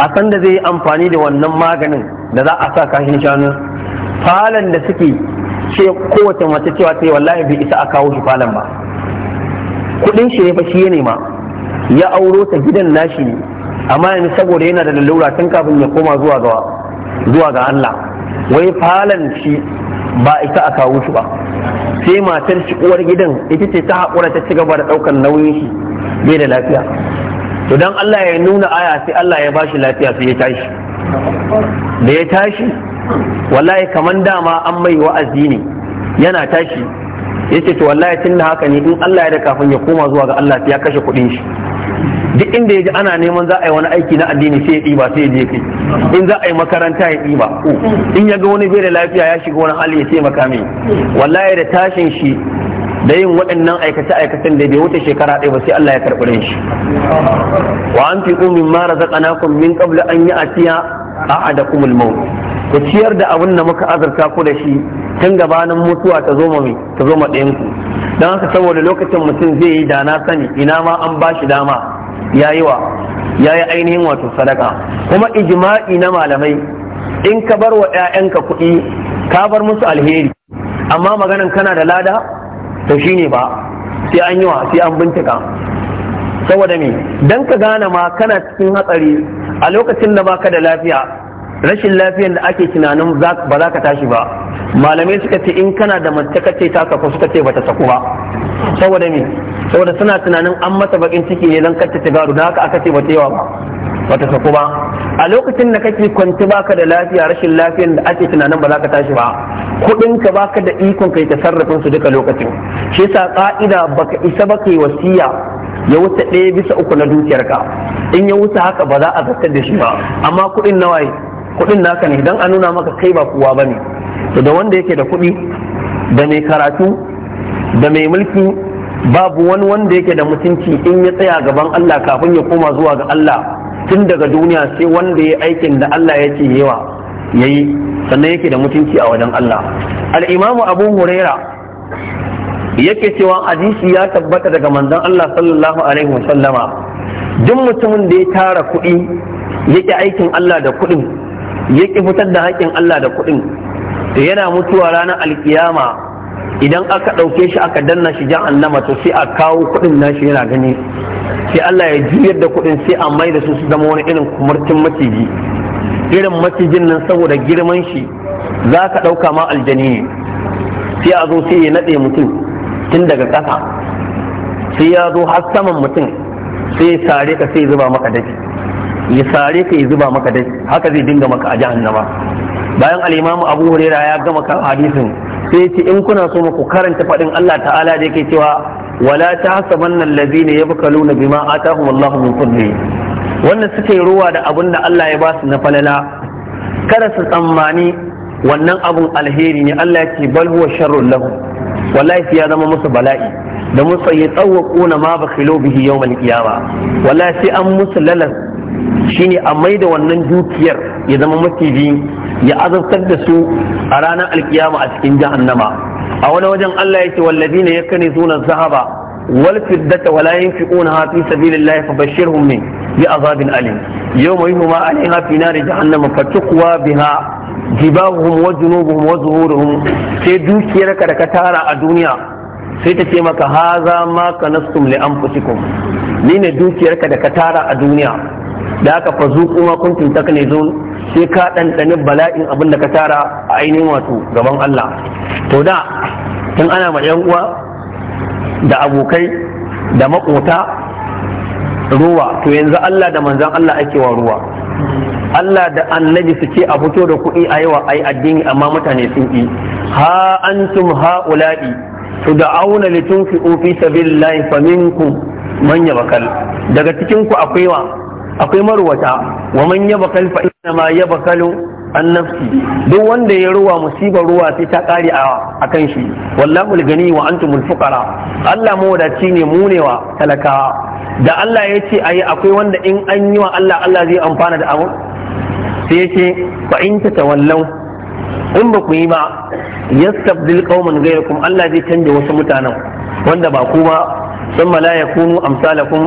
a san da zai yi amfani da wannan maganin da za a sa kashin shanu falon da suke ce kowace mace cewa ta yi wallahi bai isa a kawo shi falon ba kudin shi ne fa shi ya ya auro ta gidan nashi ne amma yanzu saboda yana da lalura tun kafin ya koma zuwa ga zuwa ga Allah wai falon shi ba isa a kawo shi ba sai matar shi uwar gidan ita ce ta haƙura ta ci gaba da ɗaukar nauyin shi bai da lafiya to dan Allah ya nuna aya sai Allah ya ba shi lafiya sai ya tashi da ya tashi wallahi kaman dama an mai wa'azi ne yana tashi yace to wallahi tunda haka ne in Allah ya da kafin ya koma zuwa ga Allah sai ya kashe kuɗin shi duk inda ya ji ana neman za a yi wani aiki na addini sai ya ɗiba sai ya je kai in za a yi makaranta ya ɗiba oh. in ya ga wani bai da lafiya ya shiga wani hali ya taimaka mai wallahi da tashin shi da yin waɗannan aikace-aikacen da bai wuce shekara ɗaya ba sai Allah ya karɓi shi wa an fi umin mara zaƙanakun min ƙabla an yi asiya a da maut ku ciyar da abin da muka azurta ku da shi tun gabanin mutuwa ta zo ma ta zo ɗayan ku don haka saboda lokacin mutum zai yi da na sani ina ma an ba shi dama ya yi wa ya yi ainihin wato sadaka kuma ijma'i na malamai in ka bar wa 'ya'yanka kuɗi ka bar musu alheri amma maganin kana da lada to shine ba sai an yiwa sai an bincika saboda me dan ka gane ma kana cikin hatsari a lokacin da baka da lafiya rashin lafiyar da ake tunanin ba za ka tashi ba malamai suka ce in kana da mace kace ta sako suka ce bata saku ba saboda me saboda suna tunanin an mata bakin ciki ne don kacce gado da haka aka ce bata yawa ba wata sako ba? a lokacin da kake kwanci baka da lafiya rashin lafiyan da ake tunanin ba za ka tashi ba kuɗin ka baka da ikon kai sarrafin su duka lokacin shi yasa ka'ida baka isa ba kai wasiya ya wuce ɗaya bisa uku na dukiyarka in ya wuce haka ba za a zartar da shi ba amma kuɗin nawa kuɗin naka ne dan a nuna maka kai ba kowa bane to da wanda yake da kuɗi da mai karatu da mai mulki babu wani wanda yake da mutunci in ya tsaya gaban Allah kafin ya koma zuwa ga Allah tun daga duniya sai wanda ya aikin da Allah ya ce yawa ya yi sannan yake da mutunci a wajen Allah al-imamu abu huraira yake cewa hadisi ya tabbata daga manzon Allah sallallahu alaihi wasallama duk mutumin da ya tara kuɗi yake aikin Allah da kuɗin yake fitar da haƙƙin Allah da kuɗin to yana mutuwa ranar alkiyama idan aka ɗauke shi aka danna shi jan annama to sai a kawo kuɗin nashi yana gani sai Allah ya juyar da kuɗin sai a mai da su su zama wani irin kumartin maciji irin macijin nan saboda girman shi za ka ɗauka ma aljani ne sai a zo sai ya naɗe mutum tun daga ƙasa sai ya zo har saman mutum sai ya sare ka sai zuba maka dafi ya sare ka ya zuba maka dafi haka zai dinga maka a jahannama bayan al'imamu abu huraira ya gama kan hadisin sai ce in kuna so ku karanta faɗin Allah ta'ala da yake cewa wala ta hasabanna allazina yabkaluna bima atahum Allah min fadli wannan suke ruwa da abin da Allah ya ba su na falala kada su tsammani wannan abun alheri ne Allah ya ce bal huwa sharrun lahum wallahi ya zama musu bala'i da musu ya tsawwaquna ma bakhilu bihi yawmal qiyama wallahi sai an musu lalas shine a maida wannan dukiyar ya zama maciji ya azabtar da su a ranar alkiyama a cikin jahannama a wani wajen Allah ya ce wallazi ne yakani sunan zahaba wal fiddata wala yunfiquna fi sabilillahi fabashshirhum min bi azabin alim yawma yuhma alaiha fi nari jahannama fatukwa biha jibahuhum wa junubuhum wa zuhuruhum sai dukiyar ka da ka tara a duniya sai ta ce maka haza ma kanastum li anfusikum ni ne dukiyar ka da ka tara a duniya da aka fazu kuma kuntum taknizun sai ka ɗanɗani bala'in abin da ka tara a ainihin wato gaban Allah to da in ana ma yan uwa da abokai da maƙota ruwa to yanzu Allah da manzan Allah ake wa ruwa Allah da annabi su ce a fito da kuɗi a yawa a yi addini amma mutane sun ƙi ha antum da auna litun fi sabilillahi faminku manya bakal. daga cikinku akwai wa akwai marwata wa man yabakal fa inna ma yaba an nafsi duk wanda ya ruwa musibar ruwa sai ta kare a kan shi wallahu gani wa antumul fuqara Allah mawadaci ne mu ne wa talakawa da Allah ya ce ayi akwai wanda in an yi wa Allah Allah zai amfana da abu sai yace fa in tatawallau in ba ku yi ba yastabdil qauman ghayrakum Allah zai canja wasu mutanen wanda ba ku ba thumma yakunu amsalakum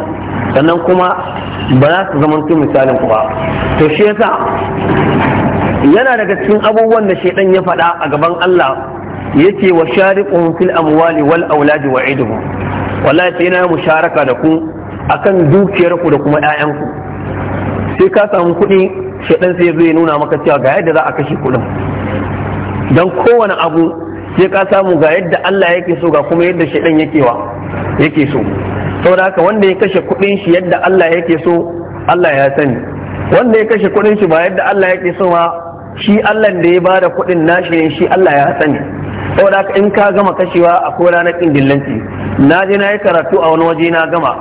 sannan kuma ba za su zama su misalin ku ba to shi yasa yana daga cikin abubuwan da shaidan ya faɗa a gaban Allah yake wa shariquhum fil amwali wal auladi wa iduhum wallahi sai na musharaka da ku akan dukiyar ku da kuma ƴaƴan ku sai ka samu kuɗi shaidan sai zai nuna maka cewa ga yadda za a kashe kuɗin dan kowane abu sai ka samu ga yadda Allah yake so ga kuma yadda shaidan yake wa yake so saboda haka wanda ya kashe kudin shi yadda Allah yake so Allah ya sani wanda ya kashe kudin shi ba yadda Allah yake so ma shi Allah da ya bada kudin nashi ne shi Allah ya sani saboda haka in ka gama kashewa a kora ranar kin dillanci na je na yi karatu a wani waje na gama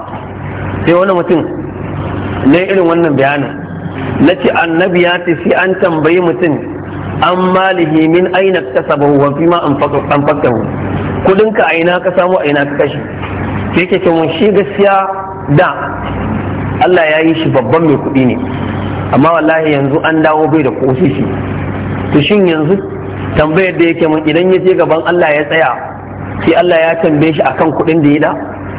sai wani mutum ne irin wannan bayanin na ce annabi ya ce sai an tambayi mutum an malihi min aina kasabahu wa fima an fakkahu kudinka a ina ka samu a ina ka kashe sai ke ce shi gaskiya da Allah ya yi shi babban mai kuɗi ne amma wallahi yanzu an dawo bai da shi to shin yanzu tambayar da yake mun idan ya je gaban Allah ya tsaya sai Allah ya tambaye shi akan kuɗin da ya da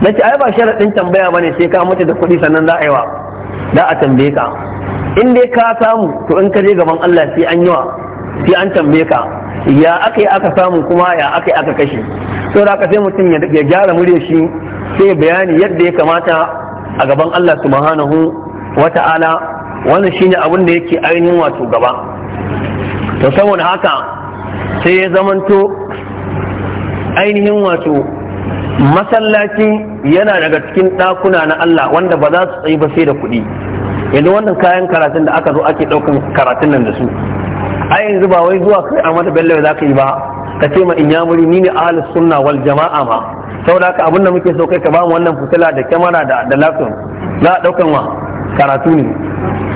nace ce ai ba sharadin tambaya bane sai ka mutu da kuɗi sannan za a yi wa da a tambaye ka in dai ka samu to in ka je gaban Allah sai an yi wa sai an tambaye ka ya aka yi aka samu kuma ya aka yi aka kashe saboda haka sai mutum ya gyara murya shi sai bayani yadda ya kamata a gaban Allah subhanahu wa ta'ala wani shine abin da yake ainihin wato gaba to saboda haka sai ya zamanto ainihin wato masallaci yana daga cikin ɗakuna na Allah wanda ba za su tsayi ba sai da kuɗi yanzu wannan kayan karatun da aka zo ake ɗaukan karatun nan da su a yanzu ba wai zuwa kai a mata bello za ka yi ba ka ce ma in yamuri ni ne ahalus sunna wal jama'a ma saboda haka abinda muke so kai ka ba mu wannan fitila da kyamara da da laptop za a daukan wa karatu ne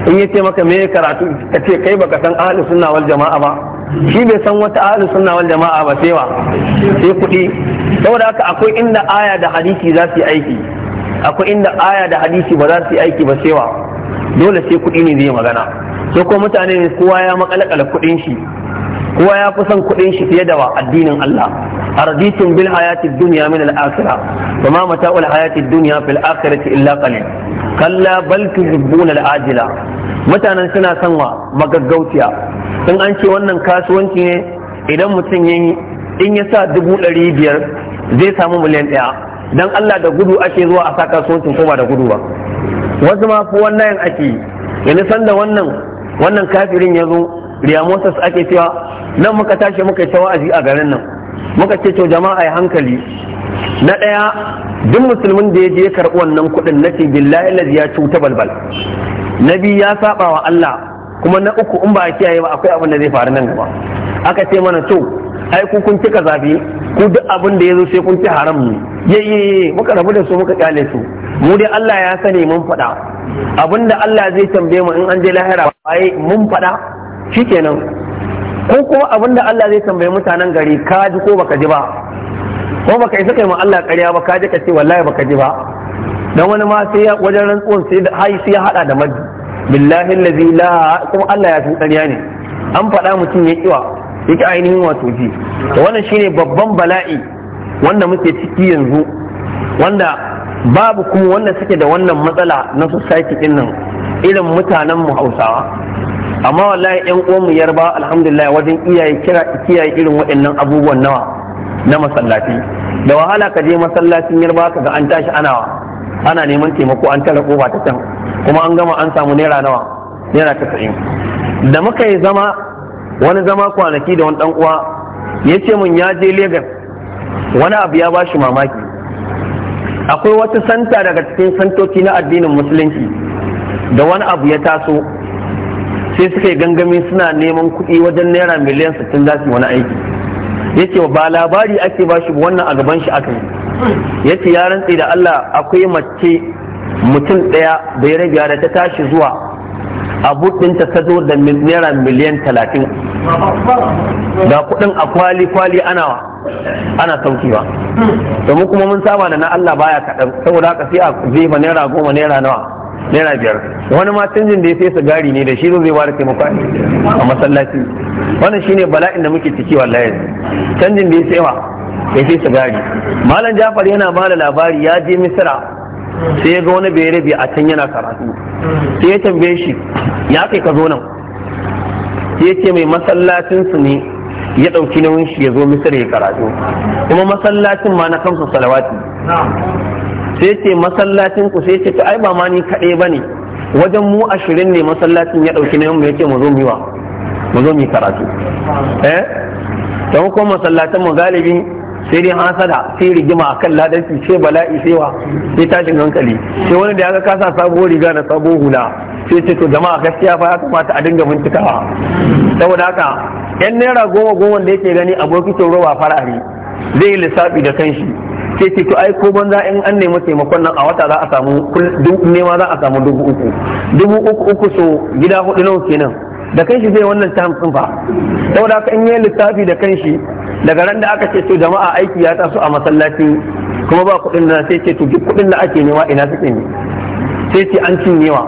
in yace maka me karatu ka ce kai baka san ahli sunna wal jama'a ba shi bai san wata ahli sunna wal jama'a ba sai wa sai kuɗi saboda haka akwai inda aya da hadisi za su yi aiki akwai inda aya da hadisi ba za su yi aiki ba sai wa dole sai kuɗi ne zai magana sai ko mutane kowa ya makalakala kuɗin shi kowa ya fi son kuɗin shi fiye da wa addinin Allah arditum bil hayati duniya min al akhirah ma mata'u al hayati dunya fil akirati illa qalil kalla bal tuhibbuna al ajila mutanen suna son wa magaggautiya, in an ce wannan kasuwanci ne idan mutum yi in ya sa dubu ɗari biyar zai samu miliyan ɗaya dan Allah da gudu ake zuwa a sa kasuwancin ko ba da gudu ba wasu ma fi wannan ake yanzu sanda wannan wannan kafirin ya zo riyamosas ake cewa nan muka tashi muka yi wa'azi a garin nan muka ce to jama'a ya hankali na ɗaya duk musulmin da ya je karɓi wannan kuɗin na ce billahi lazi ya cuta balbal na ya saba wa Allah kuma na uku in ba a kiyaye ba akwai abin da zai faru nan gaba aka ce mana to ai ku kun cika zabi ku duk abin da ya zo sai kun ci haram ne ye ye muka rabu da su muka kyale su mu dai Allah ya sani mun faɗa abin da Allah zai tambaye mu in an je lahira waye mun faɗa shikenan ko kuma abin da Allah zai tambaye mutanen gari ka ji ko baka ji ba ko baka isa kai ma Allah ƙarya ba ka ji ka ce wallahi baka ji ba dan wani ma sai wajen rantsuwan sai da hayi sai ya hada da maddi billahi allazi la kuma Allah ya san ƙarya ne an faɗa mutum ya kiwa yake ainihin wato ji to wannan shine babban bala'i wanda muke ciki yanzu wanda babu kuma wanda suke da wannan matsala na society din nan irin mutanen mu Hausawa amma wallahi yan uwanmu yarba alhamdulillah wajen iyaye kira kiyaye irin waɗannan abubuwan nawa na masallaci da wahala ka je masallacin yarba ka ga an tashi ana ana neman taimako an tara kofa ta can kuma an gama an samu naira nawa naira tasa'in da muka yi zama wani zama kwanaki da wani dan uwa ya ce mun ya je Legas wani abu ya bashi mamaki akwai wata santa daga cikin santoci na addinin musulunci da wani abu ya taso sai suka yi gangami suna neman kuɗi wajen naira miliyan 60 za su wani aiki yace ba labari ake ba shi wannan a gaban shi aka yi yace ya rantse da Allah akwai mace mutum ɗaya bai rabi da ta tashi zuwa a ɗinta ta zo da naira miliyan talatin ga kuɗin a kwali-kwali ana wa, ana sauki ba domin kuma mun saba da na Allah baya kaɗan saboda haka sai a jefa naira goma naira nawa naira biyar wani ma canjin da ya sai sigari ne da shi zai ba da taimako a masallaci wannan shine bala'in da muke ciki wallahi canjin da ya sai wa ya sai sigari malam jafar yana ba da labari ya je misira sai ya ga wani bai rabi a can yana karatu sai ya tambaye shi ya kai ka zo nan sai ya ce mai masallacin su ne ya ɗauki nauyin shi ya zo misira ya karatu kuma masallacin ma na kansu salawati sai ce masallacin ku sai ce ta ai ba ma ni kaɗai ba ne wajen mu ashirin ne masallacin ya ɗauki na mu ya ce mu zo mu mu zo karatu eh don kuma masallacin mu galibi sai dai an sada sai rigima akan ladanci sai bala'i sai wa sai tashin hankali sai wani da ya ga kasa sabuwar riga da sabuwar hula sai ce to jama'a gaskiya fa ya kamata a dinga bincikawa saboda haka yan naira goma goma da yake gani abokin roba farare zai yi lissafi da kanshi sai ce to ai ko banza in an nemi taimakon nan a wata za a samu nema za a samu dubu uku dubu uku uku so gida hudu nawa kenan da kanshi zai wannan ta hamsin fa saboda haka in yi lissafi da kanshi daga ran da aka ce to jama'a aiki ya taso a masallaci kuma ba kuɗin na sai ce to duk kuɗin da ake nema ina suke ne sai ce an cinyewa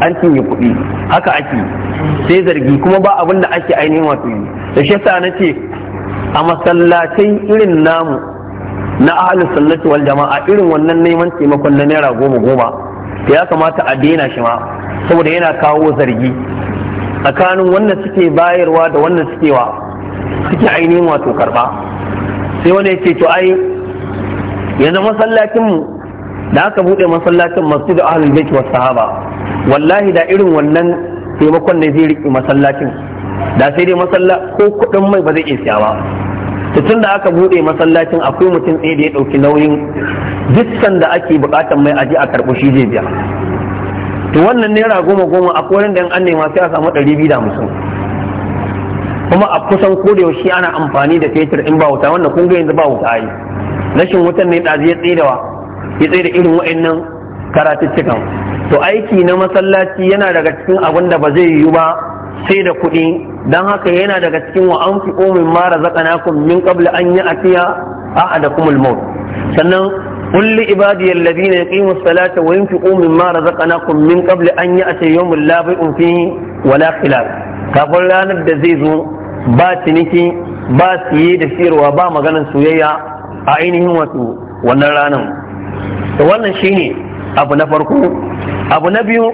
an cinye kuɗi haka ake sai zargi kuma ba abin da ake ainihin wato yi da shi yasa na ce a masallatai irin namu na ahalin sallati wal jama'a irin wannan neman taimakon na naira goma goma ya kamata a daina shi ma saboda yana kawo zargi tsakanin wannan suke bayarwa da wannan suke wa suke ainihin wato karba sai ya yake to ai yanzu masallacin mu da aka bude masallacin da ahalin bait was sahaba wallahi da irin wannan taimakon ne zai riƙe masallacin da sai dai masalla ko kuɗin mai ba zai iya siya ba to tun da aka bude masallacin akwai mutum ɗaya da ya ɗauki nauyin dukkan da ake buƙatar mai aji a karɓi shi zai biya to wannan naira goma goma a korin da an nema sai a samu ɗari biyu da hamsin kuma a kusan da yaushe ana amfani da fetur in ba wuta wannan kun ga yanzu ba wuta ayi. rashin wutan ne ɗazi ya wa ya da irin wa'annan karatuttukan to aiki na masallaci yana daga cikin abin da ba zai yiwu ba sai da kuɗi dan haka yana daga cikin wa an fi umin mara kun min qabl an da ahadakumul maut sannan kulli li ibadiy ne yuqimus salata wa yunfiqu na kun min qabl an ya'tiya yawmul la bai'un fihi wala filar. kafin ranar da zai zo ba ciniki ba siye da siyarwa ba maganar soyayya a ainihin wato wannan ranar to wannan shine abu na farko abu na biyu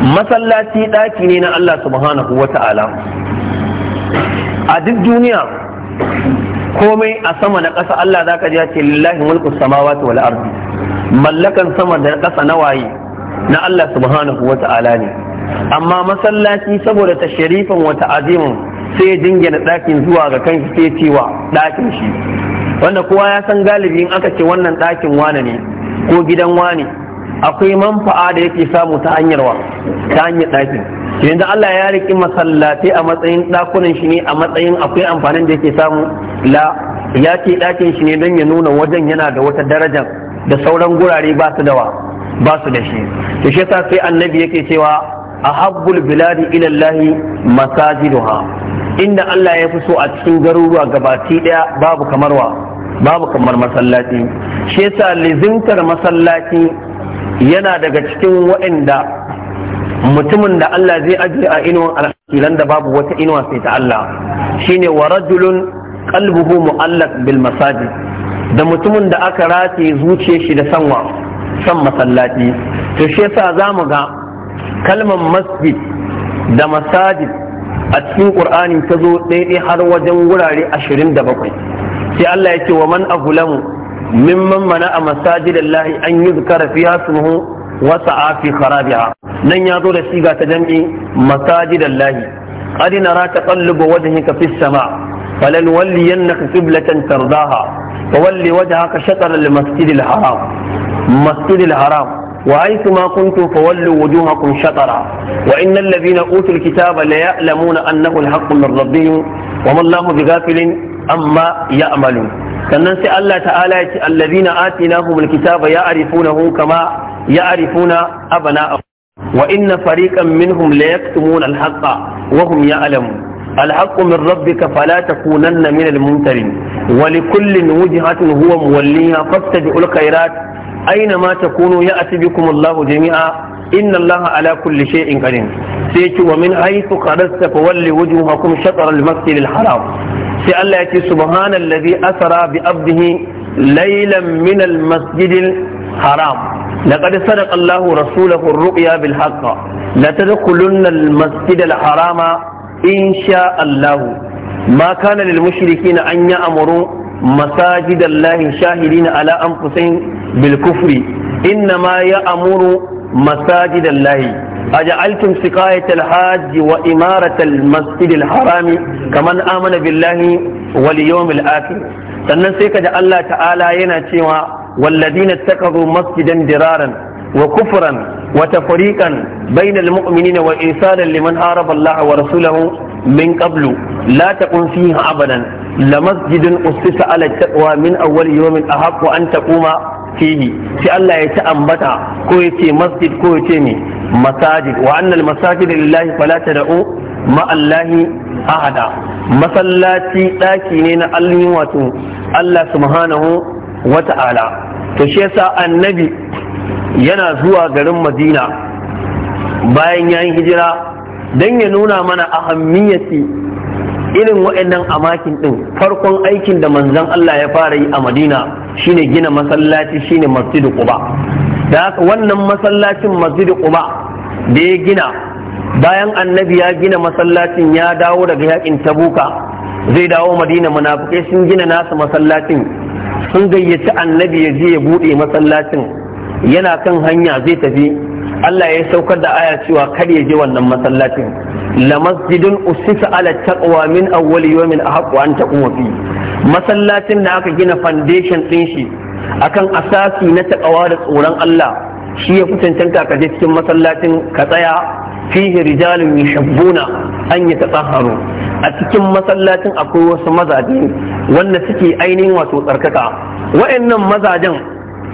masallaci ɗaki ne na Allah subhanahu wa ta'ala a duk duniya komai a sama da ƙasa Allah za ka ji ce lillahi mulku samawati wal ardi mallakan sama da ƙasa na waye na Allah subhanahu wa ta'ala ne amma masallaci saboda ta sharifan wata ta'azimin sai jingina ɗakin zuwa ga kan sai cewa ɗakin shi wanda kowa ya san galibi in aka ce wannan ɗakin wane ne ko gidan wane akwai manfa'a da yake samu ta hanyar wa ta hanyar ɗakin yanzu Allah ya riƙi masallatai a matsayin ɗakunan shi ne a matsayin akwai amfanin da yake samu la ya ce ɗakin shi ne don ya nuna wajen yana da wata darajar da sauran gurare ba su da wa ba su da shi to shi yasa sai annabi yake cewa ahabbul biladi ila Allah masajiduha inda Allah ya fi so a cikin garuruwa gabaki daya babu kamar wa babu kamar masallaci shi yasa lizintar masallaci yana daga cikin waɗanda mutumin da Allah zai ajiye a inuwan alhakilan da babu wata inuwa sai ta Allah shine wa rajulun qalbuhu mu'allaq bil masajid da mutumin da aka rati zuce shi da sanwa san masallaci to shi yasa zamu ga kalmar masjid da masajid a cikin qur'ani ta zo daidai har wajen wurare 27 sai Allah ya ce wa man aghlamu mimman mana a Al-Lahi, an yi zukara fiya sunuhu wasa a fi kharabiha nan ya zo da siga ta jam'i masajidallahi qad nara taqallubu wajhika fis sama falan walliyannaka qiblatan tardaha فول وجهك شطر المسجد الحرام مسجد الحرام وحيثما كنتم فولوا وجوهكم شطرا وإن الذين أوتوا الكتاب ليعلمون أنه الحق من ربهم وما الله بغافل أما يأملون sannan sai Allah ta'ala ya ce allazina atinahu bil kitaba ya'rifunahu kama ya'rifuna abna'ahum wa inna fariqan minhum la yaktumuna al haqqa wa hum ya'lamun al haqqu min rabbika fala takunanna na al mumtarin wa li kullin wujhatun huwa muwalliha fastabiqul aina ma takunu ya'ti bikum Allahu jami'a inna Allaha ala kulli shay'in qadir sai ce wa min haythu qadasta fa walli wujuhakum shatr al-masjid al-haram sai Allah ya ce subhanallazi asra bi abdihi laylan min al-masjid al-haram laqad sadaqa Allahu rasulahu ar-ru'ya bil haqq la tadkhulunna al-masjid al-harama in sha Allah ما كان an أن يأمروا مساجد الله شاهدين على أنفسهم بالكفر إنما يأمر مساجد الله أجعلتم سقاية الحاج وإمارة المسجد الحرام كمن آمن بالله واليوم الآخر sannan sai kaji Allah ta'ala yana cewa walladina takaru masjidan diraran wa kufran wa tafriqan bainal mu'minina wa isalan liman haraba Allah wa rasulahu min qablu la taqum fiha abadan la masjidun ussisa ala taqwa min awwal yawmin ahaqqu an taquma fihi sai Allah ya ci ambata ko ya ce masjid ko ya ce ne masajid wa annal masajid lillahi fala tad'u ma Allahi ahada masallaci daki ne na Allah wato Allah subhanahu wa ta'ala to shi annabi yana zuwa garin Madina bayan yayin hijira dan ya nuna mana ahammiyati irin wa'annan amakin ɗin farkon aikin da manzon Allah ya fara yi a Madina shine gina masallaci shine Masjid Quba da haka wannan masallacin Masjid Quba da ya gina bayan annabi ya gina masallacin ya dawo daga yakin Tabuka zai dawo Madina munafikai sun gina nasa masallacin sun gayyaci annabi ya je ya bude masallacin yana kan hanya zai tafi Allah ya saukar da aya cewa kar ya je wannan masallacin lamasjidun usisa ala taqwa min awwal yawmin ahqqu an taquma fi masallacin da aka gina foundation din shi akan asasi na taqwa da tsoron Allah shi ya kusantanka ka je cikin masallacin ka tsaya fihi rijalun yuhibbuna an yatatahharu a cikin masallacin akwai wasu mazaje wanda suke ainihin wato tsarkaka wa'annan mazajen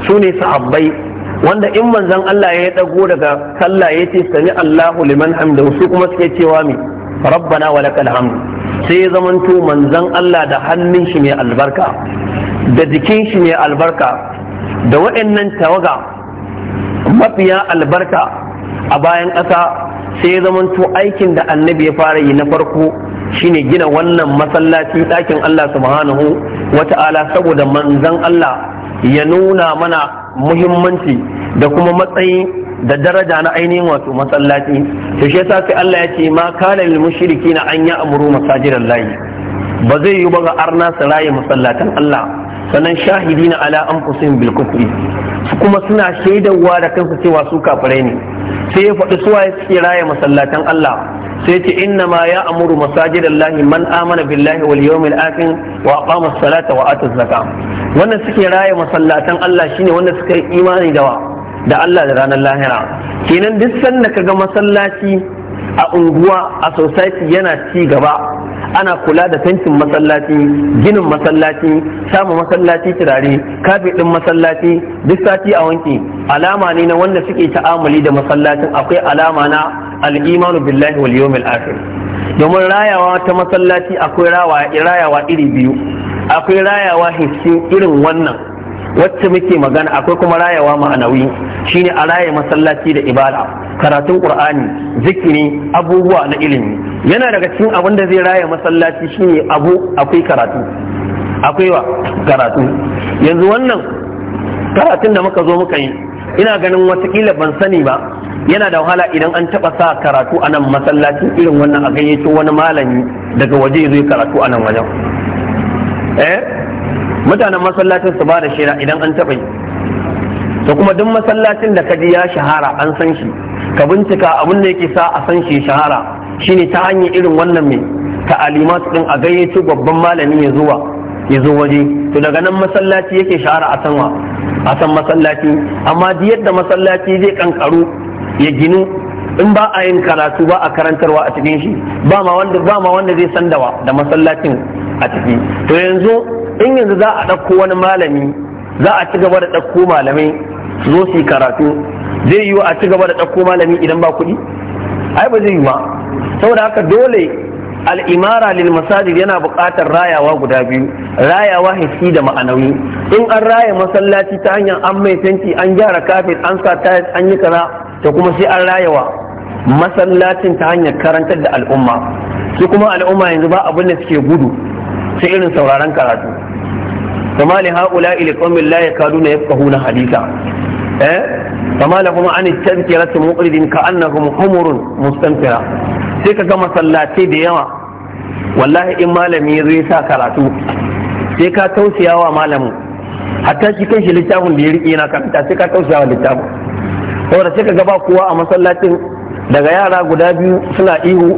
su ne sahabbai wanda in manzon Allah ya dago daga sallah ya ce sami Allahu liman hamda su kuma suke cewa mi rabbana wa lakal hamd sai ya zamanto manzon Allah da hannun shi mai albarka da jikin shi mai albarka da waɗannan tawaga mafiya albarka a bayan ƙasa sai ya zamanto aikin da annabi ya fara yi na farko shine gina wannan masallaci ɗakin Allah subhanahu wata'ala saboda manzan Allah ya nuna mana muhimmanci da kuma matsayi da daraja na ainihin wato masallaci to shi yasa sai Allah ya ce ma kana lil mushrikina an ya'muru masajidan lahi ba zai yi ba ga arna su raye masallatan Allah sannan shahidina ala anfusihim bil kufri kuma suna shaidawa da kansu cewa su kafirai ne sai ya faɗi suwa ya suke raya masallatan Allah sai ce inna ma ya amuru masajidallahi man amana billahi wal yawmil akhir wa aqama salata wa ata wannan suke raya masallatan Allah shine wanda suka yi imani da da Allah da ranar lahira kenan duk sanda kaga masallaci a unguwa a society yana ci gaba ana kula da tankin masallaci ginin masallaci samu masallaci turare kafe din masallaci duk sati a wanki alama ne na wanda suke ta'amuli da masallacin akwai alama na al'imanu billahi wal yawmil akhir domin rayawa ta masallaci akwai rayawa iri biyu akwai rayawa hissi irin wannan wacce muke magana akwai kuma rayawa ma'anawi shine a raya masallaci da ibada karatun qur'ani zikiri abubuwa na ilimi yana daga cikin abin da zai raya masallaci shine abu akwai karatu akwai wa karatu yanzu wannan karatun da muka zo muka yi ina ganin kila ban sani ba yana da wahala idan an taba sa karatu a nan masallacin irin wannan a gayyato wani malami daga waje zai karatu a nan wajen eh mutanen masallacin su ba da shira idan an taba yi To kuma duk masallacin da kaji ya shahara an san shi ka bincika abin da yake sa a san shi shahara shine ta hanyar irin wannan mai ta'alimat din a gayyaci babban malami ya zuwa ya zo waje to daga nan masallaci yake shahara a sanwa a san masallaci amma duk yadda masallaci zai kankaru ya ginu in ba a yin karatu ba a karantarwa a cikin shi ba ma wanda ba ma wanda zai san dawa da masallacin a ciki to yanzu in yanzu za a ɗauko wani malami za a ci gaba da ɗauko malamai zo su karatu zai yiwu a ci gaba da ɗauko malami idan ba kuɗi ai ba zai yi ba saboda haka dole al'imara lil masajid yana buƙatar rayawa guda biyu rayawa hissi da ma'anawi in an raya masallaci ta hanyar an mai fenti an gyara kafin an sa tayas an yi kaza ta kuma sai an rayawa masallacin ta hanyar karantar da al'umma su kuma al'umma yanzu ba abin da suke gudu sai irin sauraron karatu kama li haula ila kaduna la yakaduna yafqahuna hadisa eh kama kuma an tazkiratu muqridin ka annahum humurun mustanfira sai ka ga da yawa wallahi in malami zai sa karatu sai ka tausaya wa malamin hatta shi littafin da ya rike yana karanta sai ka tausaya wa littafin saboda sai ka gaba ba kowa a masallacin daga yara guda biyu suna ihu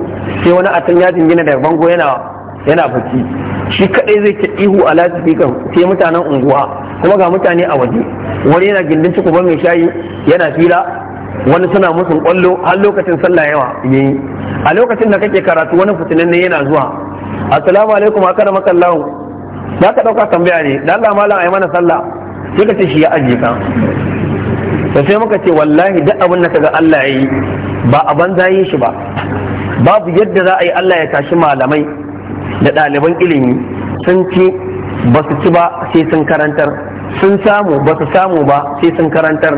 sai wani a tun yajin gina daga bango yana yana bacci shi kadai zai ta ihu a lasifika sai mutanen unguwa kuma ga mutane a waje wani yana gindin cikuban mai shayi yana fila wani suna musun kwallo har lokacin sallah yawa ne a lokacin da kake karatu wani fitinan ne yana zuwa assalamu alaikum akaramaka Allah za ka dauka tambaya ne dan Allah malam yi mana sallah sai ka ce shi ya aje ka to sai muka ce wallahi duk abin da kaga Allah yayi ba a banza yi shi ba babu yadda za a yi Allah ya tashi malamai da ɗaliban ilimi sun ci ba su ci ba sai sun karantar sun samu ba su samu ba sai sun karantar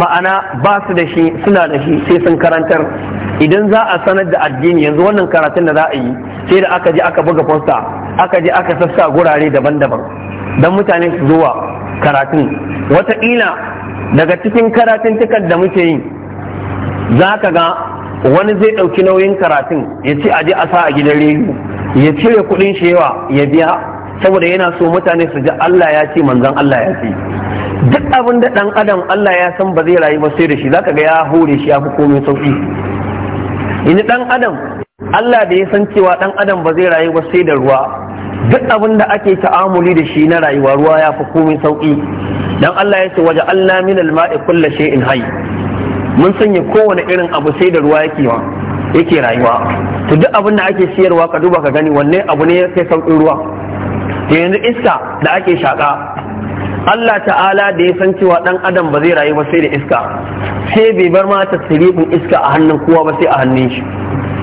ma'ana ba su da shi suna da shi sai sun karantar idan za a sanar da addini yanzu wannan karatun da za a yi sai da aka je aka buga fosta aka je aka sassa gurare daban-daban don mutane su zuwa karatun wataƙila daga cikin karatun tukar da muke yi za ka ga wani zai ɗauki nauyin karatun ya ce ji a sa a gidan rediyo ya cire kuɗin shi yawa ya biya saboda yana so mutane su ji Allah ya ce manzon Allah ya ce duk abin da dan adam Allah ya san ba zai rayu ba sai da shi zaka ga ya hore shi ya fi komai sauki in dan adam Allah da ya san cewa dan adam ba zai rayu ba sai da ruwa duk abin da ake ta'amuli da shi na rayuwa ruwa ya fi komai sauki dan Allah ya ce waje Allah min al-ma'i kullu shay'in hayy mun sanya kowane irin abu sai da ruwa yake wa yake rayuwa to duk abin da ake siyarwa ka duba ka gani wanne abu ne sai sauƙin ruwa to yanzu iska da ake shaƙa Allah ta'ala da ya san cewa dan adam ba zai rayu ba sai da iska sai bai bar ma tasirifin iska a hannun kowa ba sai a hannun shi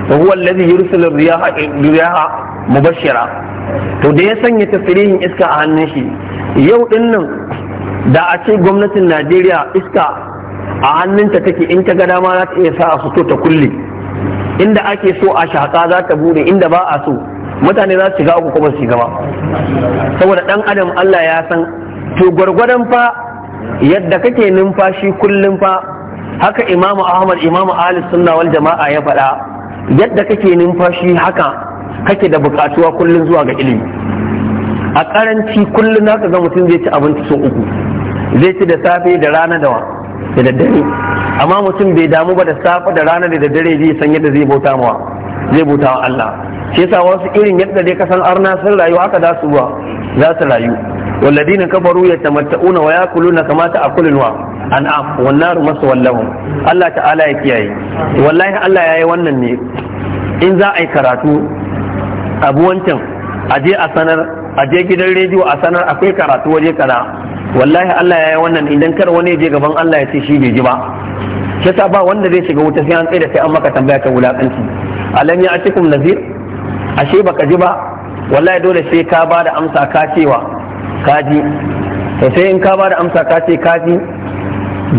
wa huwa allazi yursilu riyaha riyaha mubashshira to da ya sanya tasirihin iska a hannun shi yau din nan da a ce gwamnatin Najeriya iska a hannunta take in ta ga dama za ta iya sa a fito ta kulle inda ake so a shaƙa za ta bude inda ba a so mutane za su shiga uku kuma su shiga ba saboda ɗan adam Allah ya san to gwargwadon fa yadda kake numfashi kullum fa haka imamu ahmad imamu ali sunna wal jama'a ya faɗa yadda kake numfashi haka kake da bukatuwa kullum zuwa ga ilimi a karanci kullum naka ga mutum zai ci abinci sun uku zai ci da safe da rana da da daddare amma mutum bai damu ba da safa da rana da dare zai san yadda zai bauta mawa zai bauta wa Allah shi yasa wasu irin yadda dai kasan arna sun rayu haka za su za su rayu والذين كفروا يتمتعون وياكلون كما تاكل الانعام والنار masu لهم Allah ta'ala ya kiyaye wallahi Allah yayi wannan ne in za a yi karatu abu wancan a je a sanar a je gidan rediyo a sanar akwai karatu waje kana wallahi Allah ya yi wannan idan kar wani ya je gaban Allah ya ce shi bai ji ba ta ba wanda zai shiga wuta sai an tsaye da sai an maka tambaya kan wulakanci alam ya atikum nazir ashe baka ji ba wallahi dole sai ka ba da amsa ka cewa ka ji to sai in ka ba da amsa ka ce ka ji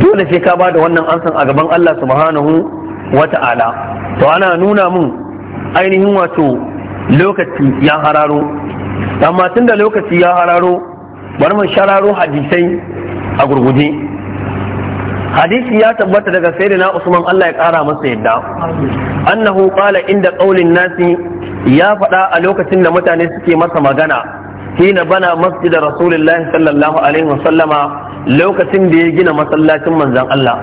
dole sai ka ba da wannan amsan a gaban Allah subhanahu wata'ala to ana nuna mun ainihin wato lokaci ya hararo amma tun da lokaci ya hararo bari mu shararo hadisai a gurguje hadisi ya tabbata daga sayyidina Usman Allah ya kara masa yadda annahu qala inda qaulin nasi ya faɗa a lokacin da mutane suke masa magana hina bana masjidar rasulullah sallallahu alaihi wasallama lokacin da ya gina masallacin manzan Allah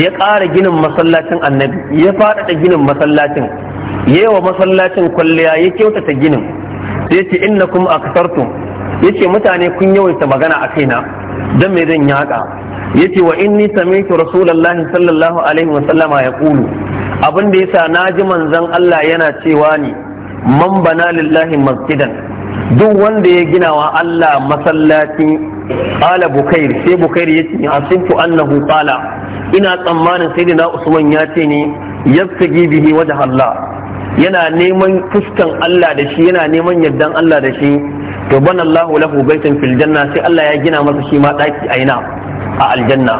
da ya ƙara ginin masallacin annabi ya faɗaɗa ginin masallacin ya yi wa masallacin kwalliya ya kyautata ginin sai ce innakum aksartum yace mutane kun yawaita magana a kaina dan me zan yi yace wa inni sami'tu rasulullahi sallallahu alaihi wa sallama yaqulu abin da yasa ji manzan Allah yana cewa ni man bana lillahi masjidan duk wanda ya gina wa Allah masallaci qala bukair sai bukair yace asintu annahu qala ina tsammanin sayyidina usman ya ce ne yabtagi bihi wajen Allah yana neman fuskan Allah da shi yana neman yardan Allah da shi to bana Allah lahu baitan fil janna sai Allah ya gina masa shi ma daki aina a aljanna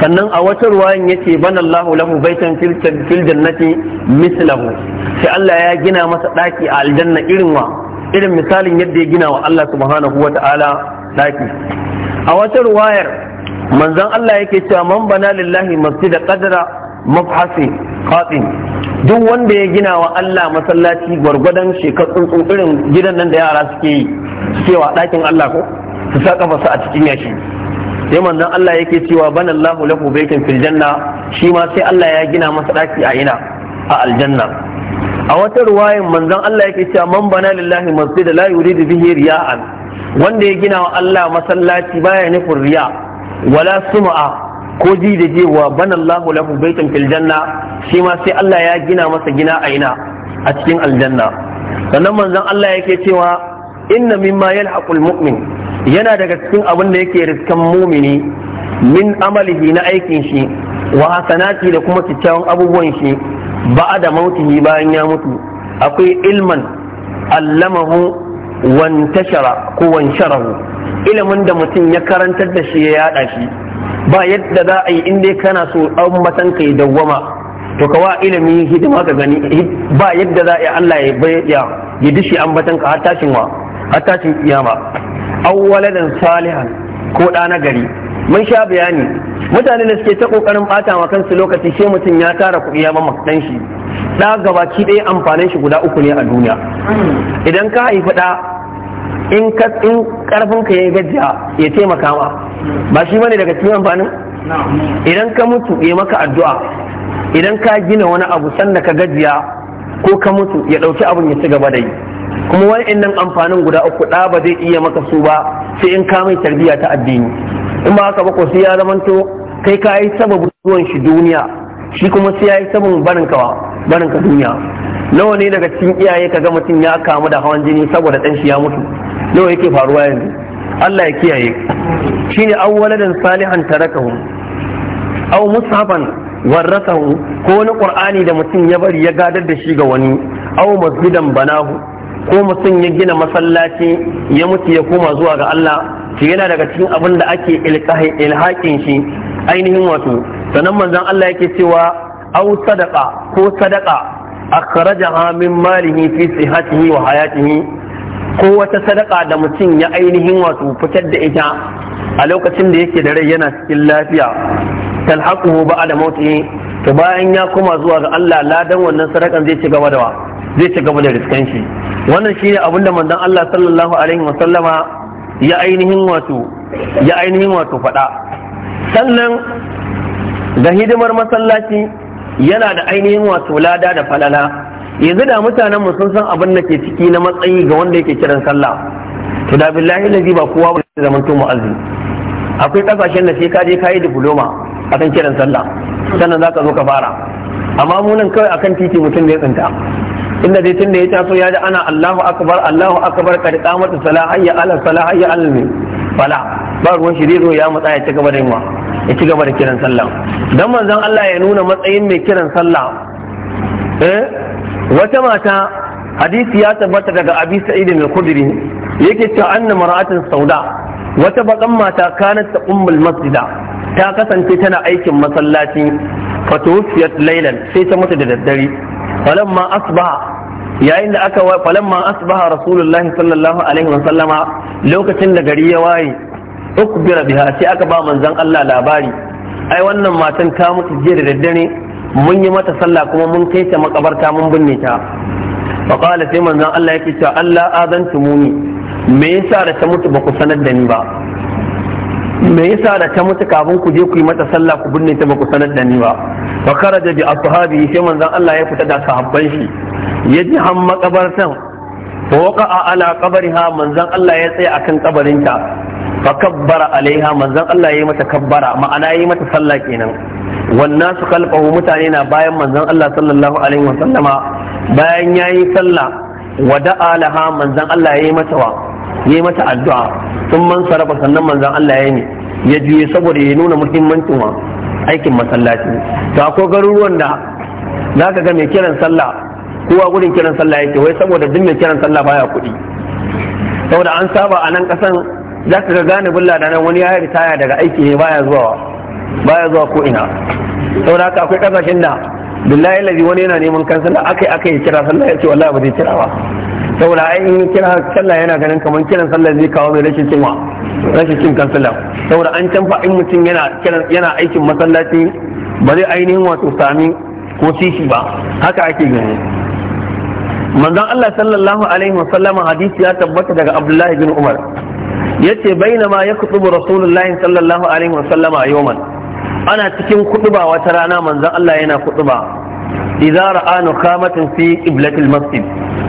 sannan a wata ruwayan yace bana Allah lahu baitan fil fil jannati mislahu sai Allah ya gina masa daki a aljanna irin wa irin misalin yadda ya gina wa Allah subhanahu wa ta'ala daki a wata ruwayar manzon Allah yake cewa man bana lillahi masjida qadra mafhasi qatin duk wanda ya gina wa Allah masallaci gwargwadon tsuntsun irin gidan nan da yara suke yi cewa ɗakin Allah ko su sa su a cikin yashi sai manzon Allah yake cewa bana Allah lahu baitan fil janna shi ma sai Allah ya gina masa ɗaki a ina a aljanna a wata ruwayin manzon Allah yake cewa man bana lillahi masjid la yuridu bihi riya'an wanda ya gina wa Allah masallaci baya nufin riya wala sum'a ko ji da jewa banallahu lahu baitan fil janna shi ma sai Allah ya gina masa gina a ina a cikin aljanna sannan manzon Allah yake cewa inna mimma yalhaqul mu'min yana daga cikin abin da yake riskan mumini min amalihi na aikin shi wa hasanati da kuma kyakkyawan abubuwan shi ba'a da mautihi bayan ya mutu akwai ilman allamahu wantashara ko wansharahu ilimin da mutum ya karantar da shi ya yada shi ba yadda za a yi in dai kana so an matan kai dawwama to kawa ilimi hidima ka gani ba yadda za a Allah ya ya ya dishi an matan ka har tashin wa har tashin kiyama awwaladan salihan ko da na gari mun sha bayani mutane da suke ta kokarin bata kansu lokaci sai mutum ya tara kuɗi ya mama dan shi da gabaki ɗaya amfanin shi guda uku ne a duniya hmm. idan ka haifi da in karfin ka ya gajiya ya taimaka ma ba shi bane daga cikin amfanin idan ka mutu ya maka addu'a idan ka gina wani abu sanda ka gajiya ko ka mutu ya ɗauki abun ya ci gaba da yi kuma wani nan amfanin guda uku ɗa ba zai iya maka su ba sai in ka mai tarbiyya ta addini in ba haka ba ko sai ya zamanto kai ka yi sababin zuwan shi duniya shi kuma sai ya yi sabon barin ka barin ka duniya nawa ne daga cikin iyaye ka ga mutum ya kamu da hawan jini saboda ɗan shi ya mutu nawa yake faruwa yanzu Allah ya kiyaye shine awwaladan salihan tarakahu aw mushafan warrasahu ko wani qur'ani da mutum ya bari ya gadar da shi ga wani aw masjidan banahu ko mutum ya gina masallaci ya mutu ya koma zuwa ga Allah ke yana daga cikin abin da ake ilhaƙin shi ainihin wato sannan manzon Allah yake cewa aw sadaqa ko sadaqa akhrajaha min malihi fi sihhatihi wa hayatihi ko wata sadaka da mutum ya ainihin wato fitar da ita a lokacin da yake da rai yana cikin lafiya talhaquhu ba'da mawtihi to bayan ya koma zuwa ga Allah ladan wannan sadakan zai ci gaba da wa zai ci gaba da riskan shi wannan shine abin da manzon Allah sallallahu alaihi wasallama ya ainihin wato ya ainihin wato faɗa sannan da hidimar masallaci yana da ainihin wato lada da falala yanzu da mutanen mu sun san abin da ke ciki na matsayi ga wanda yake kiran sallah to da billahi lazi ba kowa ba zai zama to mu'azzi akwai kasashen da sai ka je kayi diploma akan kiran sallah sannan zaka zo ka fara amma mu nan kawai akan titi mutum da ya tsinta inda dai tunda ya taso ya ji ana Allahu akbar Allahu akbar kar qamatu salah hayya ala salah hayya ala fala ba ruwan shi zo ya matsa ya ci gaba da yinwa ya ci gaba da kiran sallah dan manzon Allah ya nuna matsayin mai kiran sallah eh wata mata hadisi ya tabbata daga abi sa'id al-khudri yake cewa anna mar'atin sauda wata bakan mata kanat ta ummul masjida ta kasance tana aikin masallaci fatuwfiyat laylan sai ta mutu da daddare falamma asbaha yayin da aka falamma asbaha rasulullahi sallallahu alaihi wa sallama lokacin da gari ya waye ukbira biha sai aka ba manzon Allah labari ai wannan matan ta mutu jiya da daddare mun yi mata sallah kuma mun kai ta makabarta mun binne ta fa qala sai manzon Allah yake cewa Allah azantu muni me yasa da ta mutu ba ku sanar da ni ba me yasa da ta mutu kafin ku je ku yi mata sallah ku binne ta ba ku sanar da ni ba fa kharaja bi ashabi sai manzon Allah ya fita da sahabban shi yaji han makabartan fa waqa'a ala qabriha manzon Allah ya tsaya akan kabarinta fa kabbara alaiha manzon Allah ya yi mata kabbara ma'ana ya yi mata sallah kenan wannan su kalfahu mutane na bayan manzon Allah sallallahu alaihi wasallama bayan ya yi sallah wada'a laha manzon Allah ya yi mata wa ya yi mata addu'a sun man sarrafa sannan manzon Allah yayi ne ya juye saboda ya nuna muhimmancin wa aikin masallaci to akwai garuruwan da zaka ga mai kiran sallah kowa gudun kiran sallah yake wai saboda duk mai kiran sallah baya kuɗi saboda an saba a nan ƙasan za ka ga da nan wani ya ritaya daga aiki ne baya zuwa baya zuwa ko ina saboda haka akwai kasashen da billahi lazi wani yana neman kansa da akai akai ya kira sallah ya ce wallahi ba zai kira ba saboda ai in kira sallah yana ganin kamar kiran sallah zai kawo mai rashin cinwa rashin cin kan sallah saboda an fa in mutum yana kiran yana aikin masallaci ba zai ainihin wato sami ko sisi ba haka ake gani manzon Allah sallallahu alaihi wasallam hadisi ya tabbata daga Abdullah bin Umar yace bainama yakutubu rasulullahi sallallahu alaihi wasallama yawman ana cikin kutuba wata rana manzon Allah yana kutuba idza ra'a nukamatin fi qiblatil masjid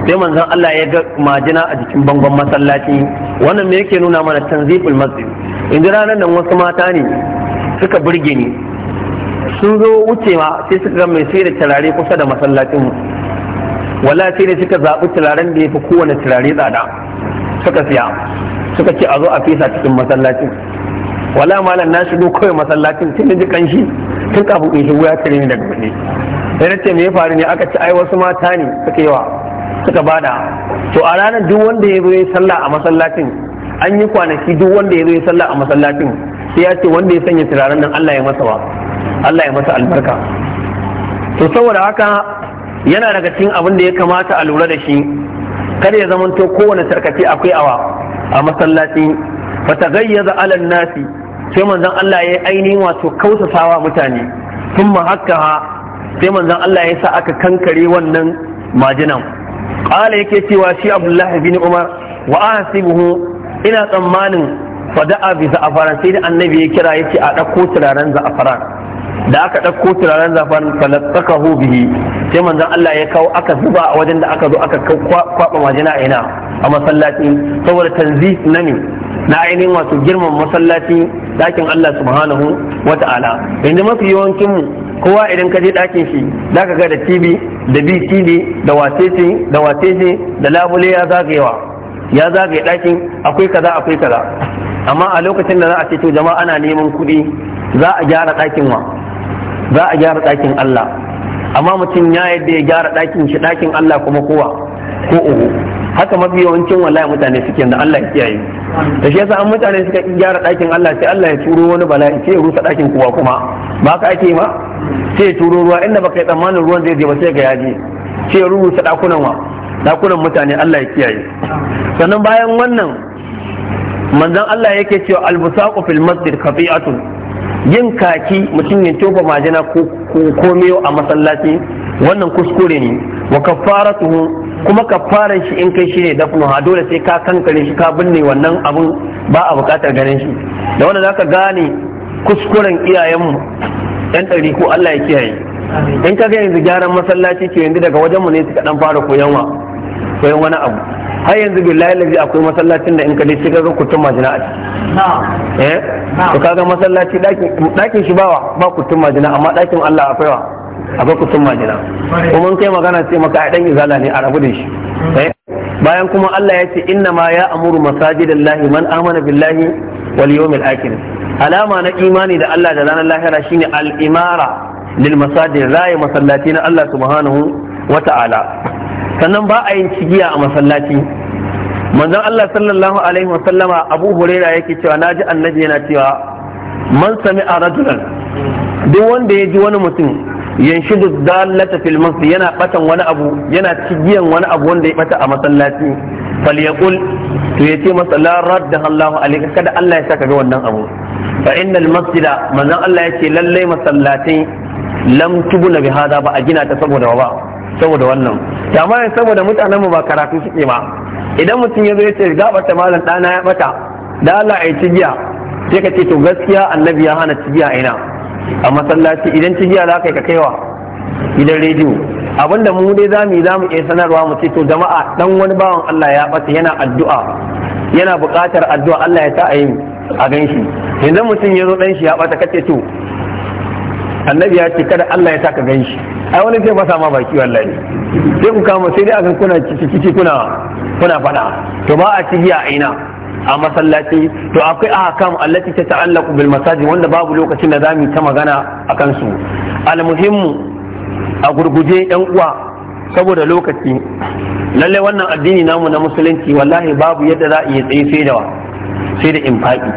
sai manzon Allah ya ga majina a jikin bangon masallaci wannan me yake nuna mana tanziful masjid inda ranar nan wasu mata ne suka burge ni sun zo wucewa sai suka ga mai sai turare kusa da masallacin mu wallahi sai da suka zaɓi turaren da ya fi kowane turare tsada suka siya suka ce a zo a fesa cikin masallacin wala malam na shigo kawai masallacin tun ji kanshi tun kafin in shigo ya tare ni daga waje sai na ce me ya faru ne aka ci ai wasu mata ne suka yi wa suka bada to a ranar duk wanda ya zo ya sallah a masallacin an yi kwanaki duk wanda ya zo ya sallah a masallacin sai ya ce wanda ya sanya turaren nan Allah ya masa wa Allah ya masa albarka to saboda haka yana daga cikin abin da ya kamata a lura da shi kada ya zamanto kowane sarkaci akwai awa a masallaci gayyaza alan nasi sai manzon Allah ya ainihin wato kausasawa mutane thumma hakkaha sai manzon Allah ya sa aka kankare wannan majinan qala yake cewa shi Abdullahi bin Umar wa ahsibuhu ina tsammanin fada'a bisa za'afaran sai da annabi ya kira yake a ɗauko turaren za'afaran da aka ɗauko turaren zafarin falattakahu bihi sai manzon Allah ya kawo aka zuba a wajen da aka zo aka kwaba majina a ina a masallaci saboda tanzi na ne na ainihin wato girman masallaci dakin Allah subhanahu ta'ala yanzu mafi yawancin mu kowa idan ka je dakin shi ka ga da TV da BTV da watece da da labule ya zagayewa ya zagaye ɗakin akwai kaza akwai kaza amma a lokacin da za a ce to jama'a ana neman kuɗi za a gyara ɗakin wa za a gyara ɗakin Allah amma mutum ya yadda ya gyara ɗakin shi ɗakin Allah kuma kowa ko uku haka mafi yawancin wallahi mutane suke da Allah ya kiyaye da shi yasa an mutane suka gyara ɗakin Allah sai Allah ya turo wani bala'i sai ya rusa ɗakin kowa kuma ba ka ake ma sai ya turo ruwa inda baka yi tsammanin ruwan zai je ba sai ga yaji sai ya rusa ɗakunan wa ɗakunan mutane Allah ya kiyaye sannan bayan wannan manzon Allah yake cewa al-musaqu fil masjid khati'atun yin kaki mutum ya tofa majina ko komai a masallaci wannan kuskure ne wa tuhu kuma kafaran shi in kai shine dafnu ha dole sai ka kankare shi ka binne wannan abun ba a bukatar ganin shi da wanda zaka gane kuskuren iyayenmu yan ɗari ko Allah ya kiyaye in ka ga yanzu gyaran masallaci ke yanzu daga wajen mu ne suka dan fara koyan wani abu har yanzu billahi lazi akwai masallacin da in ka dai sai kaga majina a ciki eh to kaga masallaci dakin dakin shi bawa ba kutun majina amma dakin Allah akwai wa akwai kutun majina kuma kai magana sai maka a dan izala ne a rabu da shi hmm. eh? bayan kuma Allah ya ce inna ma ya amuru masajidallahi man amana billahi wal yawmil akhir alama na imani da Allah da ranar lahira shine al imara lil masajid rayi masallati na Allah subhanahu wa ta'ala sannan ba a yin cigiya a masallaci manzon Allah sallallahu alaihi wa sallama Abu Huraira yake cewa naji annabi yana cewa man sami a rajulan duk wanda ya ji wani mutum yanshidu dalata fil masjid yana batan wani abu yana cigiyan wani abu wanda ya bata a masallaci yaqul to yace masa la radda Allahu alayka kada Allah ya saka ga wannan abu fa innal masjida manzon Allah yake lalle masallati lam tubuna bi hada ba a gina ta saboda ba saboda wannan kyamar saboda mutanen mu ba karatu suke ba idan mutum ya zo ya ce bata malam dana ya bata da Allah Ya ci cigiya sai ka ce to gaskiya annabi ya hana giya ina a masallaci idan cigiya za ka ka kaiwa idan rediyo abinda mu dai za mu yi za mu iya sanarwa mu ce to jama'a dan wani bawan Allah ya bata yana addu'a yana buƙatar addu'a Allah ya sa a yi a ganshi yanzu mutum ya zo dan shi ya bata kace to annabi ya ce kada Allah ya saka gan shi ai wani zai fasa ma baki wallahi sai ku kama sai dai kan kuna ciki kuna kuna fada to ba a ciki a aina a masallaci to akwai ahkam allati ta ta'allaqu bil masajid wanda babu lokacin da zamu ta magana akan su al muhimmu a gurguje yan uwa saboda lokaci lallai wannan addini namu na musulunci wallahi babu yadda za a yi tsaye sai da sai da infaki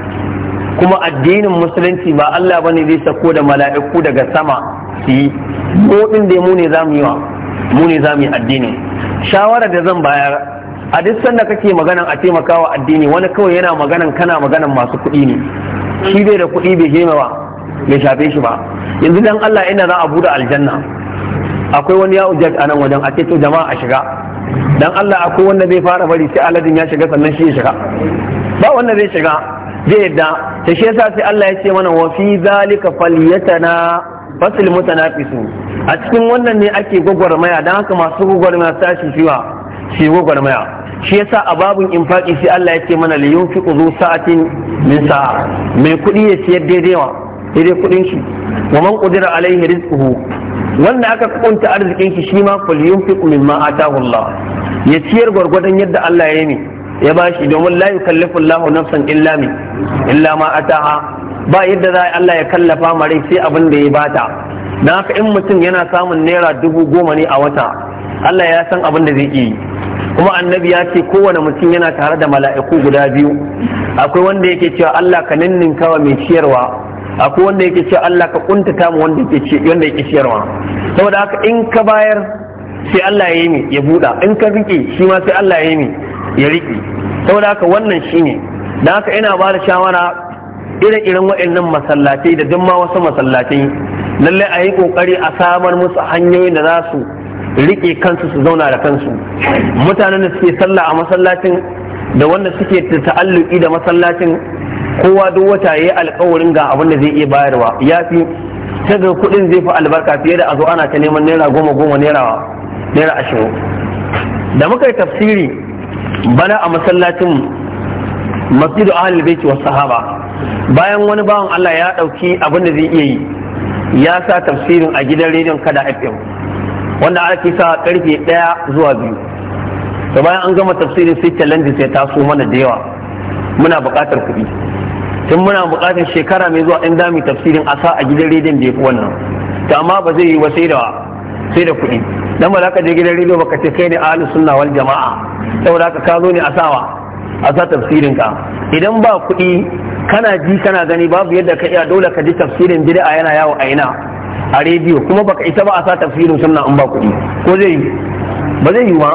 kuma addinin musulunci ba Allah bane zai sako da mala'iku daga sama su yi mu din da mu ne zamu yi wa mu ne zamu yi addinin shawara da zan bayar a duk sanda kake maganan a taimakawa addini wani kawai yana maganan kana maganan masu kuɗi ne shi bai da kuɗi bai gema ba bai shafe shi ba yanzu dan Allah ina za a bude aljanna akwai wani ya ujjat a nan wajen a ce to jama'a a shiga dan Allah akwai wanda zai fara bari sai aladin ya shiga sannan shi ya shiga ba wanda zai shiga zai yadda ta shi yasa sai Allah ya ce mana wa fi zalika falyatana fasil mutanafisu a cikin wannan ne ake gwagwarmaya don haka masu gwagwarmaya ta shi shiwa shi gwagwarmaya shi yasa a babun infaki sai Allah ya ce mana li yunfiqu zu sa'atin min sa'a mai kuɗi ya siyar daidai wa daidai kuɗin shi wa man qudira alaihi rizquhu wanda aka kunta arzikin shi shi ma falyunfiqu mimma atahu Allah ya ciyar gwargwadon yadda Allah ya yi ya ba shi domin la yukallifu lahu nafsan illa mi illa ma ataha ba yadda za Allah ya kallafa mare sai abin da ya bata na haka in mutum yana samun naira dubu goma ne a wata Allah ya san abin da zai yi kuma annabi ya ce kowane mutum yana tare da mala'iku guda biyu akwai wanda yake cewa Allah ka ninninka wa mai ciyarwa akwai wanda yake cewa Allah ka kuntata mu wanda yake ce wanda yake ciyarwa saboda haka in ka bayar sai Allah ya yi ya buɗa in ka rike shi ma sai Allah ya yi ya riƙe saboda haka wannan shine da haka ina ba da shawara irin irin waɗannan masallatai da duk ma wasu masallatai lallai a yi ƙoƙari a samar musu hanyoyin da za su riƙe kansu su zauna da kansu mutanen da suke sallah a masallacin da wanda suke ta'alluki da masallacin kowa duk wata ya yi alƙawarin ga abin da zai iya bayarwa ya fi kuɗin zai fi albarka fiye da a zo ana ta neman naira goma goma naira ashirin da muka yi tafsiri bana a masallacin masjidu ahlul baiti wa sahaba bayan wani bawan Allah ya dauki abin da zai iya yi ya sa tafsirin a gidan rediyon kada FM wanda ake sa karfe 1 zuwa 2 to bayan an gama tafsirin sai challenge sai taso mana da yawa muna buƙatar kuɗi tun muna buƙatar shekara mai zuwa in dami tafsirin a sa a gidan rediyon da ya fi wannan to amma ba zai yi ba sai da sai da kuɗi dan ba za ka je gidan rediyo ba ka ce kai ne ahli sunna wal jama'a saboda haka ka zo ne a sawa a sa tafsirin ka idan ba kuɗi kana ji kana gani babu yadda ka iya dole ka ji tafsirin bid'a yana yawo a ina a rediyo kuma baka isa ba a sa tafsirin sunna in ba kuɗi ko zai yi ba zai yi ba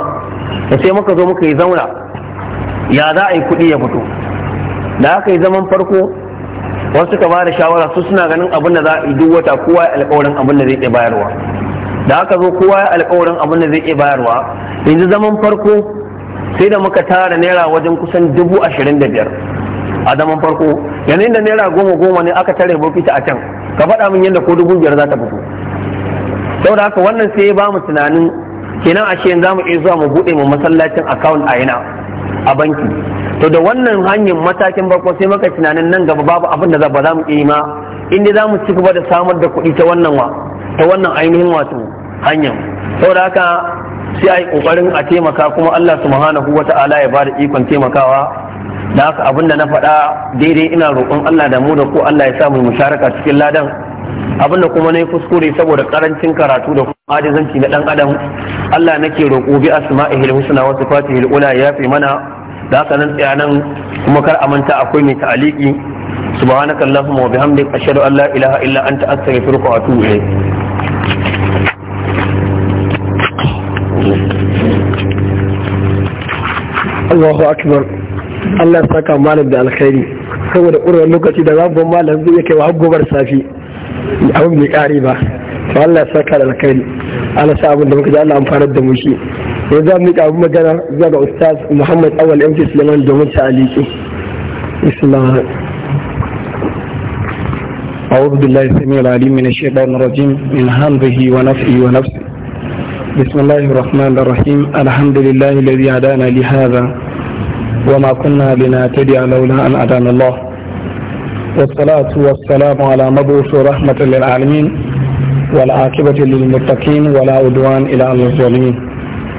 da sai muka zo muka yi zauna ya za a yi kuɗi ya fito da aka yi zaman farko wasu ka ba da shawara su suna ganin abin da za a yi duk wata kowa alƙawarin abin da zai iya bayarwa da aka zo kowa ya alkawarin abin da zai iya bayarwa yanzu zaman farko sai da muka tara naira wajen kusan dubu ashirin da biyar a zaman farko yanayin da naira goma goma ne aka tare ta a can ka faɗa min yadda ko dubu biyar za ta fito saboda haka wannan sai ya ba mu tunanin kenan ashe yanzu za mu iya zuwa mu buɗe mu masallacin account a yana a banki to da wannan hanyar matakin farko sai maka tunanin nan gaba babu abin da ba za mu iya yi ma inda za mu ci gaba da samar da kuɗi ta wannan wa ta wannan ainihin wato hanyar saboda haka sai a yi a taimaka kuma Allah subhanahu wa ta'ala ya bada ikon taimakawa da haka abin da na faɗa daidai ina roƙon Allah da mu da ko Allah ya samu musharaka cikin ladan abinda da kuma na yi kuskure saboda karancin karatu da kuma ajizanci na dan adam Allah nake roƙo bi asma'ihil husna wa sifatihil ula ya fi mana da haka nan tsaya nan kuma kar a manta akwai mai ta'aliki subhanakallahumma wa bihamdik ashhadu an la ilaha illa anta astaghfiruka wa atubu ilayk Allahu akbar Allah ya saka malam da alkhairi saboda ƙurwar lokaci da zaɓin malam zai kai wa gobar safi abin bai ƙare ba to Allah ya saka da alkhairi Allah sa abin da muka ji Allah amfanar da mu shi yanzu za mu yi abin magana zuwa ga ustaz Muhammad Awal MC Suleiman domin ta aliki. Bismillah. أعوذ بالله السميع العليم من الشيطان الرجيم من همزه ونفسه ونفسه بسم الله الرحمن الرحيم الحمد لله الذي هدانا لهذا وما كنا لنهتدي لولا أن هدانا الله والصلاة والسلام على مبعوث رحمة للعالمين والعاقبة للمتقين ولا عدوان إلى الظالمين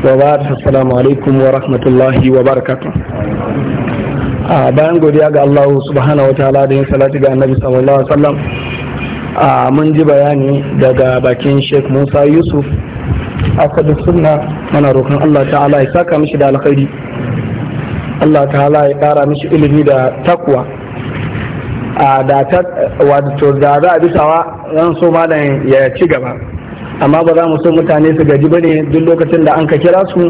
وبعد السلام عليكم ورحمة الله وبركاته a bayan godiya ga Allah subhanahu wataala da yin salati ga annabi sallallahu alaihi wasallam a mun ji bayani daga bakin Sheikh Musa Yusuf akadu sunna mana roƙon Allah ta'ala ya saka mishi da alkhairi Allah ta'ala ya ƙara mishi ilimi da takwa a da ta wato da za a bisawa zan so malam ya ci gaba amma ba za mu so mutane su gaji bane duk lokacin da an ka kira su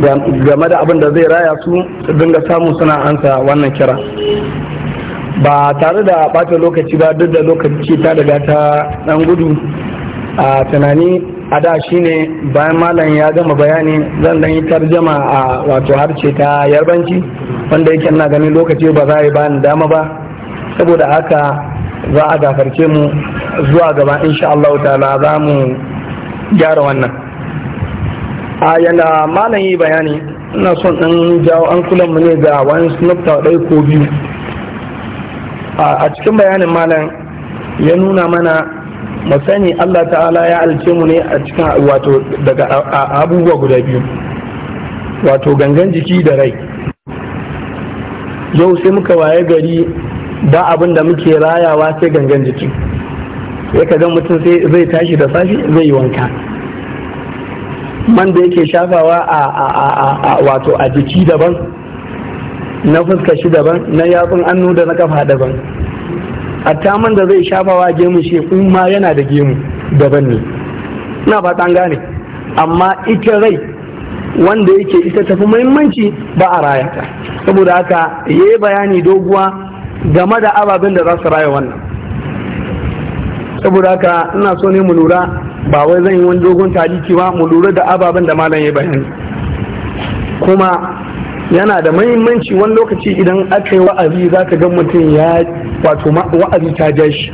game da abin da zai raya su dinga samu suna ansa wannan kira ba tare da bata lokaci ba duk da lokaci ta daga ta dan gudu a tunani a da shi ne bayan malam ya gama bayani zan dan yi tarjama a wato harshe ta yarbanci wanda yake na ganin lokaci ba za a yi bayan dama ba saboda haka za a gafarce mu zuwa gaba insha Allah ta'ala za mu gyara wannan a yana malam yi bayani ina son ɗan jawo an kulanmu ne ga wani nukta ɗaya ko biyu a cikin bayanin malam ya nuna mana mu sani Allah ta'ala ya alce mu ne a cikin wato daga abubuwa guda biyu wato gangan jiki da rai yau sai muka waye gari da abin da muke rayawa sai gangan jiki sai ka ga mutum sai zai tashi da safe zai yi wanka man da yake shafawa a wato a jiki daban na fuska shi daban na yatsun annu da na kafa daban a man da zai shafawa gemu shi in ma yana da gemu daban ne na ba an gane amma ita rai wanda yake ita tafi muhimmanci ba a raya ta saboda haka yi bayani doguwa game da ababen da za su raya wannan saboda haka ina so ne mu lura ba wai zan yi wani dogon tariki ba mu lura da ababen da malam ya bayani kuma yana da mahimmanci wani lokaci idan aka yi wa'azi za ka ga mutum ya wato wa'azi ta ja shi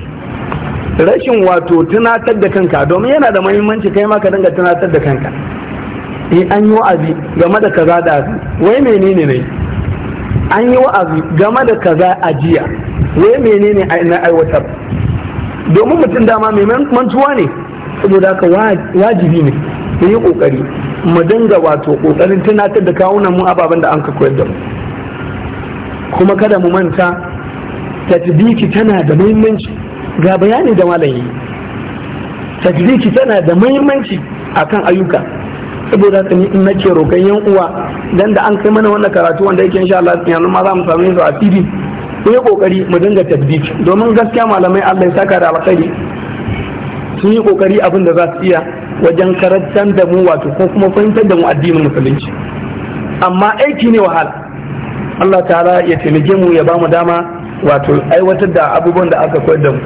rashin wato tunatar da kanka domin yana da mahimmanci kai ma ka dinga tunatar da kanka in eh, an yi wa'azi game da kaza da wai menene ne an yi wa'azi game da kaza a jiya wai menene na aiwatar domin mutum dama mai mantuwa ne saboda haka wajibi ne mu yi kokari mu dinga wato kokarin tunatar da kawo mu ababen da an ka koyar da mu kuma kada mu manta tatbiki tana da muhimmanci ga bayani da malam yi tatbiki tana da muhimmanci akan ayyuka saboda haka ni ina nake roƙon yan uwa dan da an kai mana wannan karatu wanda yake insha Allah yanzu ma za mu sami su a fili ko yi kokari mu dinga tatbiki domin gaskiya malamai Allah ya saka da alkhairi sun yi kokari abin da za su iya wajen karantar da mu wato ko kuma fahimtar da mu addinin musulunci amma aiki ne wahala Allah ta'ala ya taimake mu ya bamu dama wato aiwatar da abubuwan da aka koyar da mu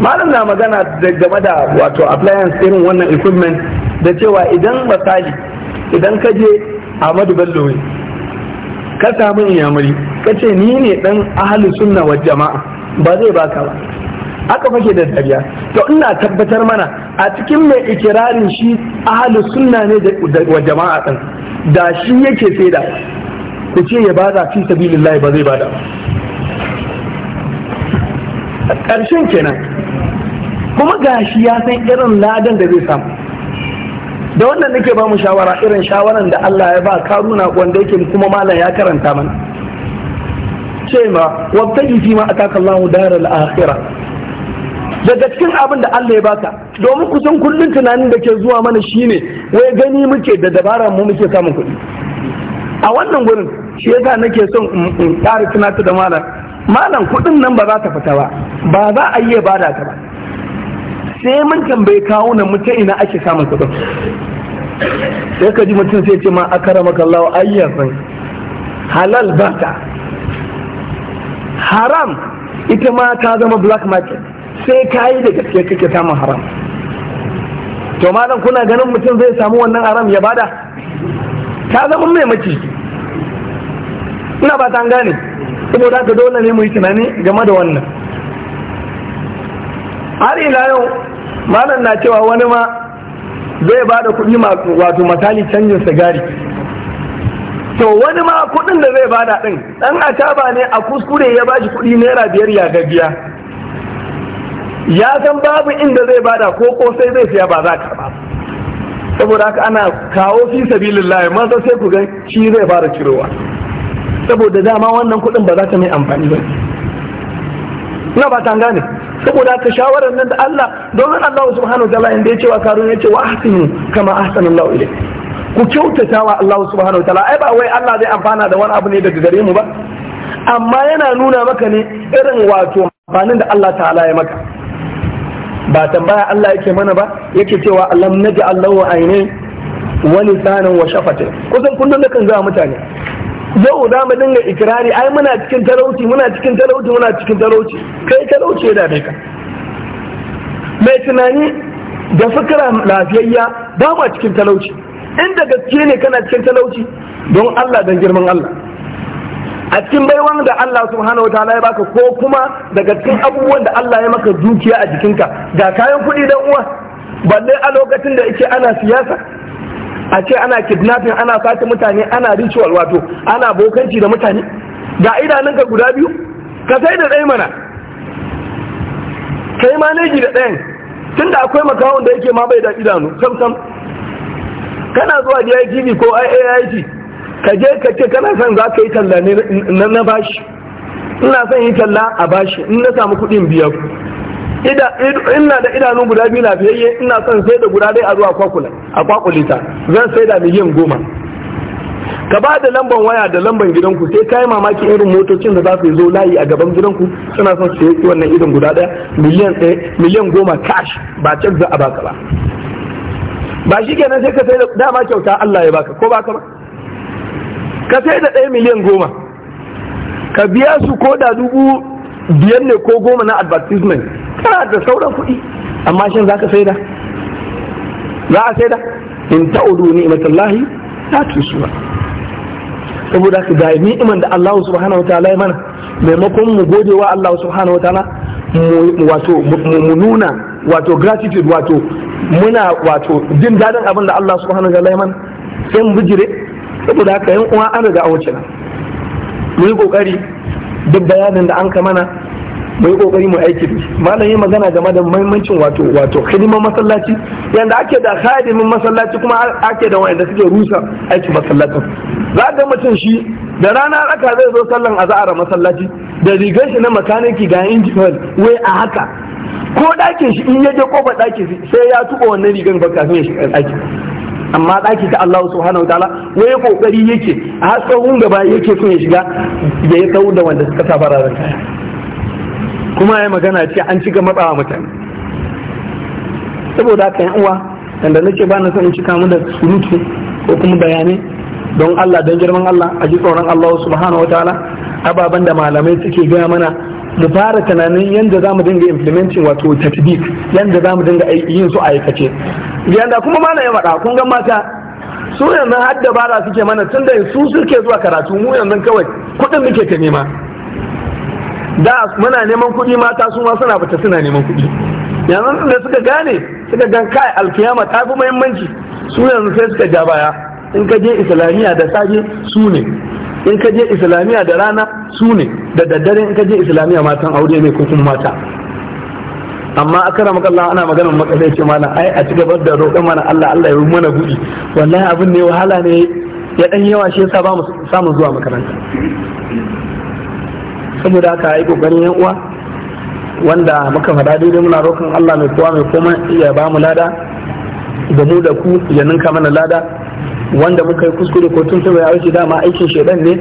malam na magana da game da wato appliance irin wannan equipment da cewa idan misali idan ka je Ahmadu Bello ka samu inyamuri ka ce ni ne dan ahlus sunna wal jama'a ba zai baka ba aka fake da dariya to ina tabbatar mana a cikin mai ikirarin shi ahalu sunna ne wa jama'a din da shi yake saida ku ce ya bada fi sabilillahi ba zai bada ƙarshen kenan kuma gashi ya san irin ladan da zai samu da wannan nake ba mu shawara irin shawaran da Allah ya ba karuna wanda yake kuma malam ya karanta mana ce ma wabtaji fi ma ataka Allahu daral akhirah daga cikin abin da Allah ya baka domin kusan kullun tunanin da ke zuwa mana shine wai gani muke da dabarar mu muke samun kuɗi a wannan gurin shi yasa nake son in ƙara tunatu da malam malam kuɗin nan ba za ta fita ba ba za a yi ba bada ta ba sai mun tambaye kawo nan mu ta ina ake samun kuɗin sai ka ji mutum sai ce ma akara makallawa ayyasan halal ta haram ita ma ta zama black market sai ka yi da gaske kake samun haram to malam kuna ganin mutum zai samu wannan haram ya bada ta zama mai maci ina ba ta gane saboda ka dole ne mu yi tunani game da wannan har ila yau malam na cewa wani ma zai ba da kuɗi wato misali canjin sigari to wani ma kuɗin da zai bada ɗin ɗan ataba ne a kuskure ya ba shi kuɗi naira biyar ya gabiya ya san babu inda zai bada ko sai zai siya ba za ka ba saboda haka ana kawo fi sabilillahi maza sai ku ga shi zai fara cirowa saboda dama wannan kuɗin ba za ta mai amfani ba na ba ta gane saboda haka shawarar nan da Allah domin Allah subhanahu wataala inda ya ce wa karun ya ce wa ahsinu kama ahsana ilayk ku kyautata wa Allah subhanahu wataala ai ba wai Allah zai amfana da wani abu ne daga gare mu ba amma yana nuna maka ne irin wato amfanin da Allah ta'ala ya maka ba tambaya Allah yake mana ba yake cewa alam naji Allahu ainai wa lisanan wa shafatin kusan kullum da kan zuwa mutane yau za mu dinga ikirari ai muna cikin talauci muna cikin talauci muna cikin talauci kai talauci ya dai ka mai tunani da fikira lafiyayya ba cikin talauci inda gaske ne kana cikin talauci don Allah dan girman Allah a cikin baiwan da Allah subhanahu wataala ya baka ko kuma daga cikin abubuwan da Allah ya maka dukiya a jikinka ga kayan kuɗi dan uwa balle a lokacin da yake ana siyasa a ce ana kidnapping ana sata mutane ana ritual wato ana bokanci da mutane ga idanunka guda biyu ka sai da ɗaya mana kai maneji da ɗayan tunda akwai makawon da yake ma bai da idanu sam kana zuwa DITV ko IAIT ka je ka ce kana son za ka yi talla ne na bashi ina son yi talla a bashi in na samu kuɗin biya ku ina da idanu guda biyu na lafiyayye ina son sai da guda dai a zuwa kwakula a kwakulita zan sai da miliyan goma ka ba da lamban waya da lamban gidanku sai ka yi mamaki irin motocin da za su zo layi a gaban gidanku suna son su yi wannan irin guda daya miliyan ɗaya miliyan goma cash ba cek za a baka ba ba shi kenan sai ka sai da dama kyauta Allah ya baka ko baka ba ka sai da ɗaya miliyan goma ka biya su ko da dubu biyan ne ko goma na advertisement kana da sauran kuɗi amma shin za ka sai da za a sai da in ta'udu ni'matallahi la tusuha saboda ka ga iman da Allah subhanahu wa ta'ala ya mana maimakon mu gode wa Allah subhanahu wa ta'ala wato mu nuna wato gratitude wato muna wato jin dadin abin da Allah subhanahu wa ta'ala ya mana sai mu bijire saboda haka yan uwa an riga a wuce nan mu yi kokari duk bayanin da an ka mana mu yi kokari mu aiki da malam yi magana game da muhimmancin wato wato hidimar masallaci yanda ake da khadimin masallaci kuma ake da wanda suke rusa aikin masallacin za ga mutum shi da rana raka zai zo sallan azahar masallaci da rigar shi na makaniki ga injiniyar wai a haka ko dakin shi in ya je kofar dakin sai ya tuba wannan rigar ba kafin ya shiga dakin amma ɗaki ta Allah subhanahu wataala wai kokari yake a hasken gaba yake so ya shiga da ya tsawo da wanda suka sa fararen kaya kuma ya magana ce an cika matsawa mutane saboda haka uwa wanda nake ba na son cika mu da surutu ko kuma bayanai don Allah don girman Allah a ji tsoron Allah subhanahu wataala ababen da malamai suke gaya mana mu fara tunanin yadda za mu dinga implementing wato tatbik yadda za mu dinga yin su aikace yanda kuma mana ya faɗa kun ga mata su yanzu har dabara suke mana tun da su suke zuwa karatu mu yanzu kawai kuɗin muke ta nema da muna neman kuɗi mata su ma suna fita suna neman kuɗi yanzu da suka gane suka gan kai alkiyama ta fi muhimmanci su yanzu sai suka ja baya in ka je islamiyya da safe su ne in ka je islamiyya da rana su ne da daddare in ka je islamiyya matan aure ne ko kuma mata amma akara maka Allah ana magana maka ce mana ai a ci gaba da roƙon mana Allah Allah ya yi mana buɗi wallahi abin ne wahala ne ya dan yawa shi yasa ba mu samu zuwa makaranta saboda haka yi kokarin yan uwa wanda muka faɗa daidai muna roƙon Allah mai kowa mai koma ya ba mu lada da mu da ku ya ninka mana lada wanda muka yi kuskure ko tun saboda ya dama aikin shedan ne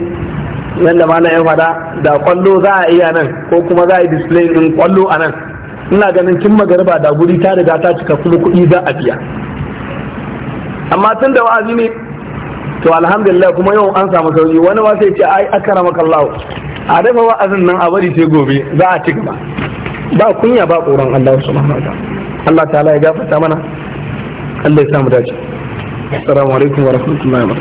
yadda malam ya fada da kwallo za a iya nan ko kuma za a yi display din kwallo a nan ina ganin kin magariba da guri ta riga ta cika kuma kuɗi za a biya amma tun da wa'azi ne to alhamdulillah kuma yau an samu sauki wani ma sai ce ai akara makallahu a dafa wa'azin nan a bari sai gobe za a cika ba kunya ba tsoron Allah subhanahu wa Allah ta'ala ya gafarta mana Allah ya samu dace assalamu alaikum wa rahmatullahi wa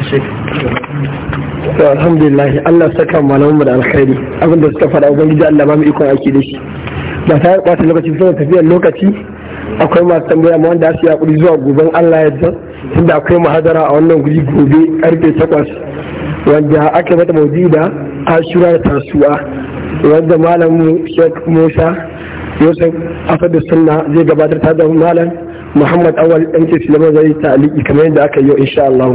barakatuh alhamdulillah Allah saka malamu da alkhairi abinda suka faɗa ubangiji Allah ba mu ikon aiki da shi ba ta kwata lokaci suna tafiyar lokaci akwai masu tambaya ma wanda su yaƙuri zuwa goben Allah yadda tunda akwai mahadara a wannan guri gobe karfe takwas wanda aka mata maudi da ashura da tasuwa wanda malamin Sheikh Musa Yusuf da Sunna zai gabatar ta da malam Muhammad Awal ɗan ke Sulaiman zai ta'aliki kamar yadda aka yi insha Allah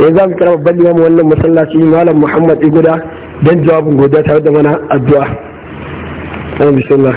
yanzu za mu kira babban limamin wannan masallaci malam Muhammad Iguda dan jawabin godiya tare da mana addu'a. Bismillah.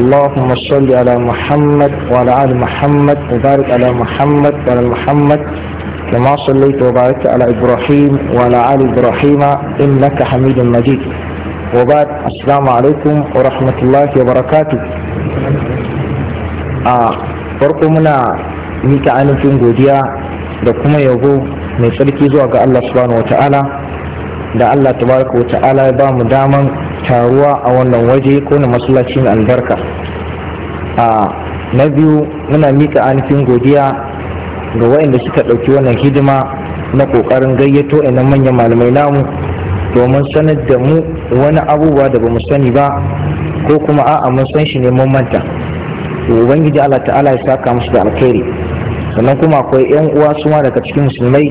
اللهم صل على محمد وعلى آل محمد وبارك على محمد وعلى محمد كما صليت وباركت على إبراهيم وعلى آل إبراهيم إنك حميد مجيد وبعد السلام عليكم ورحمة الله وبركاته farko منا mika ainihin في da kuma yabo mai tsarki zuwa ga Allah subhanahu wata'ala da Allah tabaraka wa ta'ala ya ba mu daman taruwa a wannan waje ko na masallaci mai albarka na biyu muna mika anfin godiya ga waɗanda suka ɗauki wannan hidima na ƙoƙarin gayyato ina manyan malamai namu domin sanar da mu wani abubuwa da ba sani ba ko kuma a'a mun san shi ne mun manta ubangiji Allah ta'ala ya saka musu da alkhairi sannan kuma akwai yan uwa su daga cikin musulmai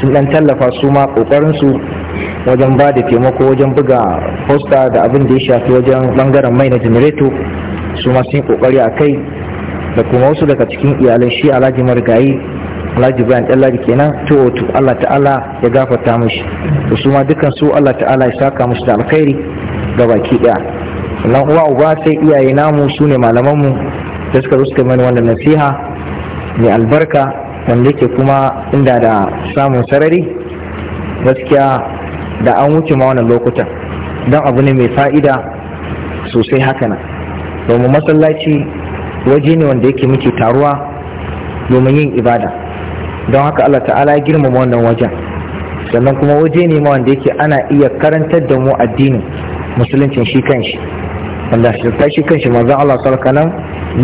sun dan tallafa su ma kokarin su wajen ba da taimako wajen buga posta da abin da ya shafi wajen bangaren mai na janareto su ma sun kokari a kai da kuma wasu daga cikin iyalan shi alhaji marigayi alhaji bayan ɗallari kenan to to allah ta'ala ya gafarta mushi da su ma dukkan su allah ta'ala ya saka musu da alkhairi ga baki ɗaya sannan uwa uba sai iyaye namu su ne malamanmu da suka zo suka mani wannan nasiha mai albarka wanda yake kuma inda da samun sarari gaskiya da an wuce ma wannan lokutan don abu ne mai fa'ida sosai haka nan domin masallaci waje ne wanda yake muke taruwa domin yin ibada don haka Allah ta'ala ya girmama wannan wajen sannan kuma waje ne ma wanda yake ana iya karantar da mu addinin musuluncin shi kanshi wanda shirka shi kanshi manzon Allah sarka nan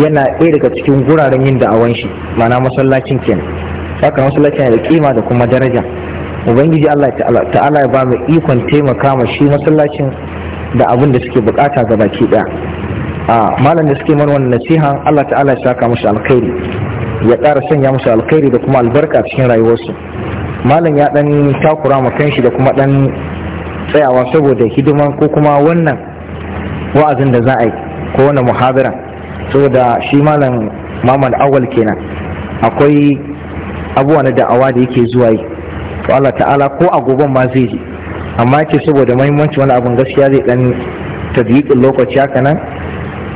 yana ɗaya daga cikin guraren yin da'awan shi ma'ana masallacin kenan saka masallacin da kima da kuma daraja ubangiji Allah ta'ala ya ba mu ikon taimaka ma shi masallacin da abin da suke bukata ga baki daya a malam da suke mana wannan nasiha Allah ta'ala ya saka musu alkhairi ya ƙara sanya musu alkhairi da kuma albarka cikin rayuwarsu malam ya dan takura ma kanshi da kuma dan tsayawa saboda hidima ko kuma wannan wa'azin da za a yi ko wannan muhabira saboda shi malam Muhammad Awal kenan akwai abuwa na da'awa da yake zuwa yi to Allah ta'ala ko a gobe ma zai je amma ke saboda mahimmanci wani abin gaskiya zai dan tadbiqin lokaci haka nan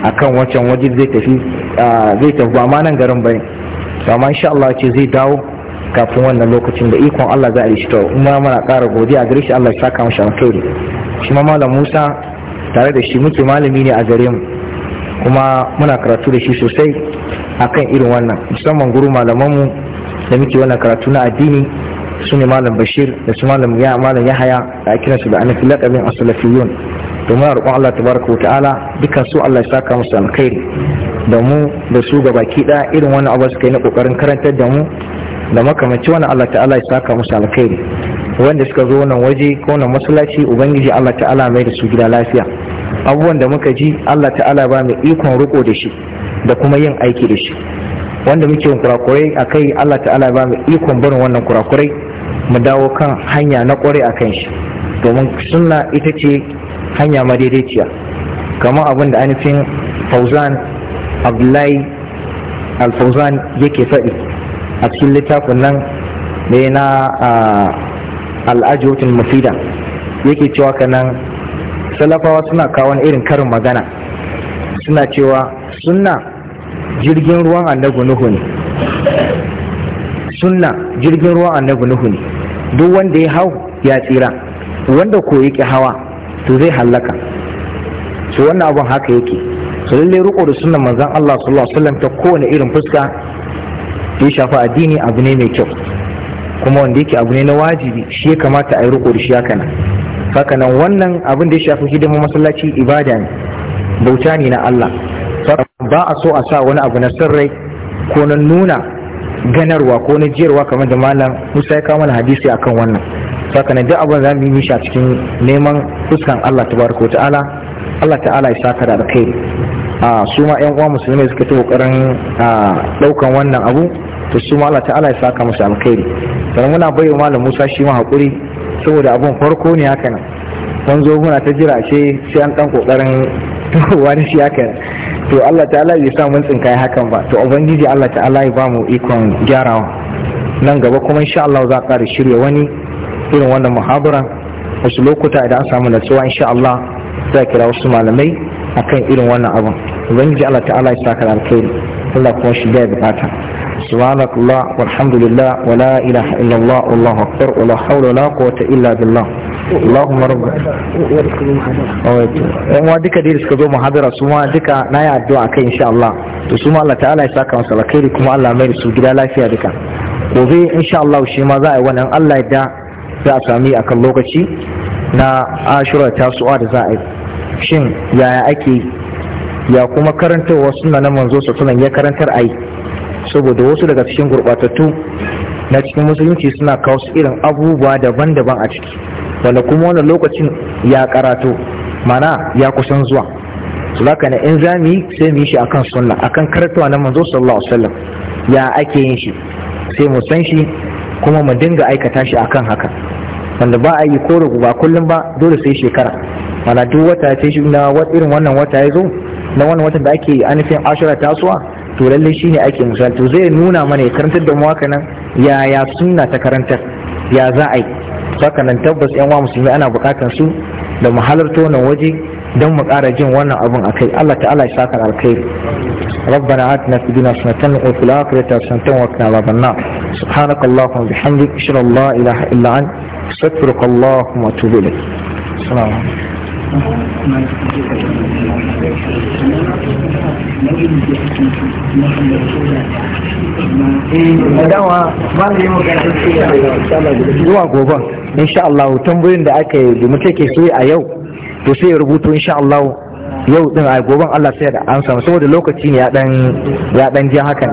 akan wancan waje zai tafi zai tafi ba ma nan garin bane to amma insha Allah ce zai dawo kafin wannan lokacin da ikon Allah za a yi shi to in ma muna ƙara godiya gare shi Allah ya saka mu alkhairi shi ma malam Musa tare da shi muke malami ne a gare mu kuma muna karatu da shi sosai akan irin wannan musamman guru malamanmu da muke wannan karatu na addini su ne malam bashir da su malam ya malam yahaya da ake kiransu da anafi lakabin asalafiyun domin roƙon Allah tabaraka wa ta'ala duka su Allah ya saka musu alkhairi da mu da su ga baki ɗaya irin wani abu suka yi na ƙoƙarin karantar da mu da makamanci wani Allah ta'ala ya saka musu alkhairi wanda suka zo nan waje ko nan masallaci ubangiji Allah ta'ala mai da su gida lafiya abubuwan da muka ji Allah ta'ala ba mu ikon riko da shi da kuma yin aiki da shi wanda muke yin kurakurai a kai Allah ta'ala ba mu ikon barin wannan kurakurai mu dawo kan hanya na kware a kan shi domin sunna ita ce hanya madaidaiciya kamar abin da anifin fauzan abdullahi al-Fausal al-fauzan yake faɗi a cikin littafin nan ne na al'ajiyotin mufida yake cewa ka nan, salafawa suna kawo irin karin magana suna cewa sunna jirgin ruwan annabi nuhu ne sunna jirgin ruwan annabi nuhu ne duk wanda ya hau ya tsira wanda ko yake hawa to zai hallaka su wannan abun haka yake su lallai riko da sunan manzon Allah sallallahu alaihi wasallam ta kowane irin fuska ya shafi addini abu ne mai kyau kuma wanda yake abu ne na wajibi shi ya kamata a yi riko da shi haka nan haka nan wannan abin da ya shafi hidimar masallaci ibada ne bauta ne na Allah ba a so a sa wani abu na sirrai ko na nuna ganarwa ko na jiyarwa kamar da malam musa ya kawo mana hadisi akan wannan saka na duk abin za mu yi a cikin neman fuskan Allah tabaraka ta'ala Allah ta'ala ya saka da alkhairi a su ma yan uwa musulmai suka ta kokarin daukan wannan abu to su ma Allah ta'ala ya saka musu alkhairi sannan muna bai wa malam Musa shi ma hakuri saboda abin farko ne haka nan mun zo muna ta jira ce sai an dan kokarin wani shi haka to Allah ta'ala ya sa mun tsinkaye hakan ba to ubangiji Allah ta'ala ya ba mu ikon gyarawa nan gaba kuma insha Allah za ƙara shirya wani irin wannan muhabara wasu lokuta idan an samu natsuwa insha Allah za kira wasu malamai akan irin wannan abin ubangiji Allah ta'ala ya saka alkhairi Allah kuma shi da bukata سبحانك الله والحمد لله ولا إله إلا الله والله أكبر ولا حول ولا قوة إلا بالله اللهم رب yan wa duka da suka zo muhadara su ma duka na yi addu'a kai insha Allah to su ma Allah ta'ala ya saka masa alkhairi kuma Allah mai su gida lafiya duka gobe insha Allah shi ma za a yi wannan Allah da za a sami akan lokaci na ashura tasu'a da za a yi shin yaya ake ya kuma karantarwa suna na manzo sunan ya karantar yi? saboda wasu daga cikin gurbatattu na cikin musulunci suna kawo irin abubuwa daban-daban a ciki wanda kuma wannan lokacin ya karato mana ya kusan zuwa su ka na in za mu yi sai mu yi shi akan sunna akan karatuwa na manzo sallallahu alaihi wasallam ya ake yin shi sai mu san shi kuma mu dinga aikata shi akan haka wanda ba a yi koro ba kullum ba dole sai shekara mana duk wata ce shi na irin wannan wata ya zo na wannan wata da ake anifin ashirar tasuwa to lalle shi ne ake misali zai nuna mana ya karantar da mu nan yaya sunna ta karantar ya za a yi saka nan tabbas yan wa musulmi ana bukatar su da mu wannan waje don mu kara jin wannan abun akai Allah ta'ala ya saka alkhairi ربنا آتنا في الدنيا حسنة وفي الآخرة حسنة وقنا عذاب النار سبحانك اللهم وبحمدك أشهد أن لا إله إلا أنت أستغفرك اللهم وأتوب إليك السلام عليكم zuwa gobe insha Allah tambayoyin da aka yi da muke ke so a yau to sai ya rubuto insha Allah yau din a goben Allah sai da an samu saboda lokaci ne ya dan ya dan ji hakan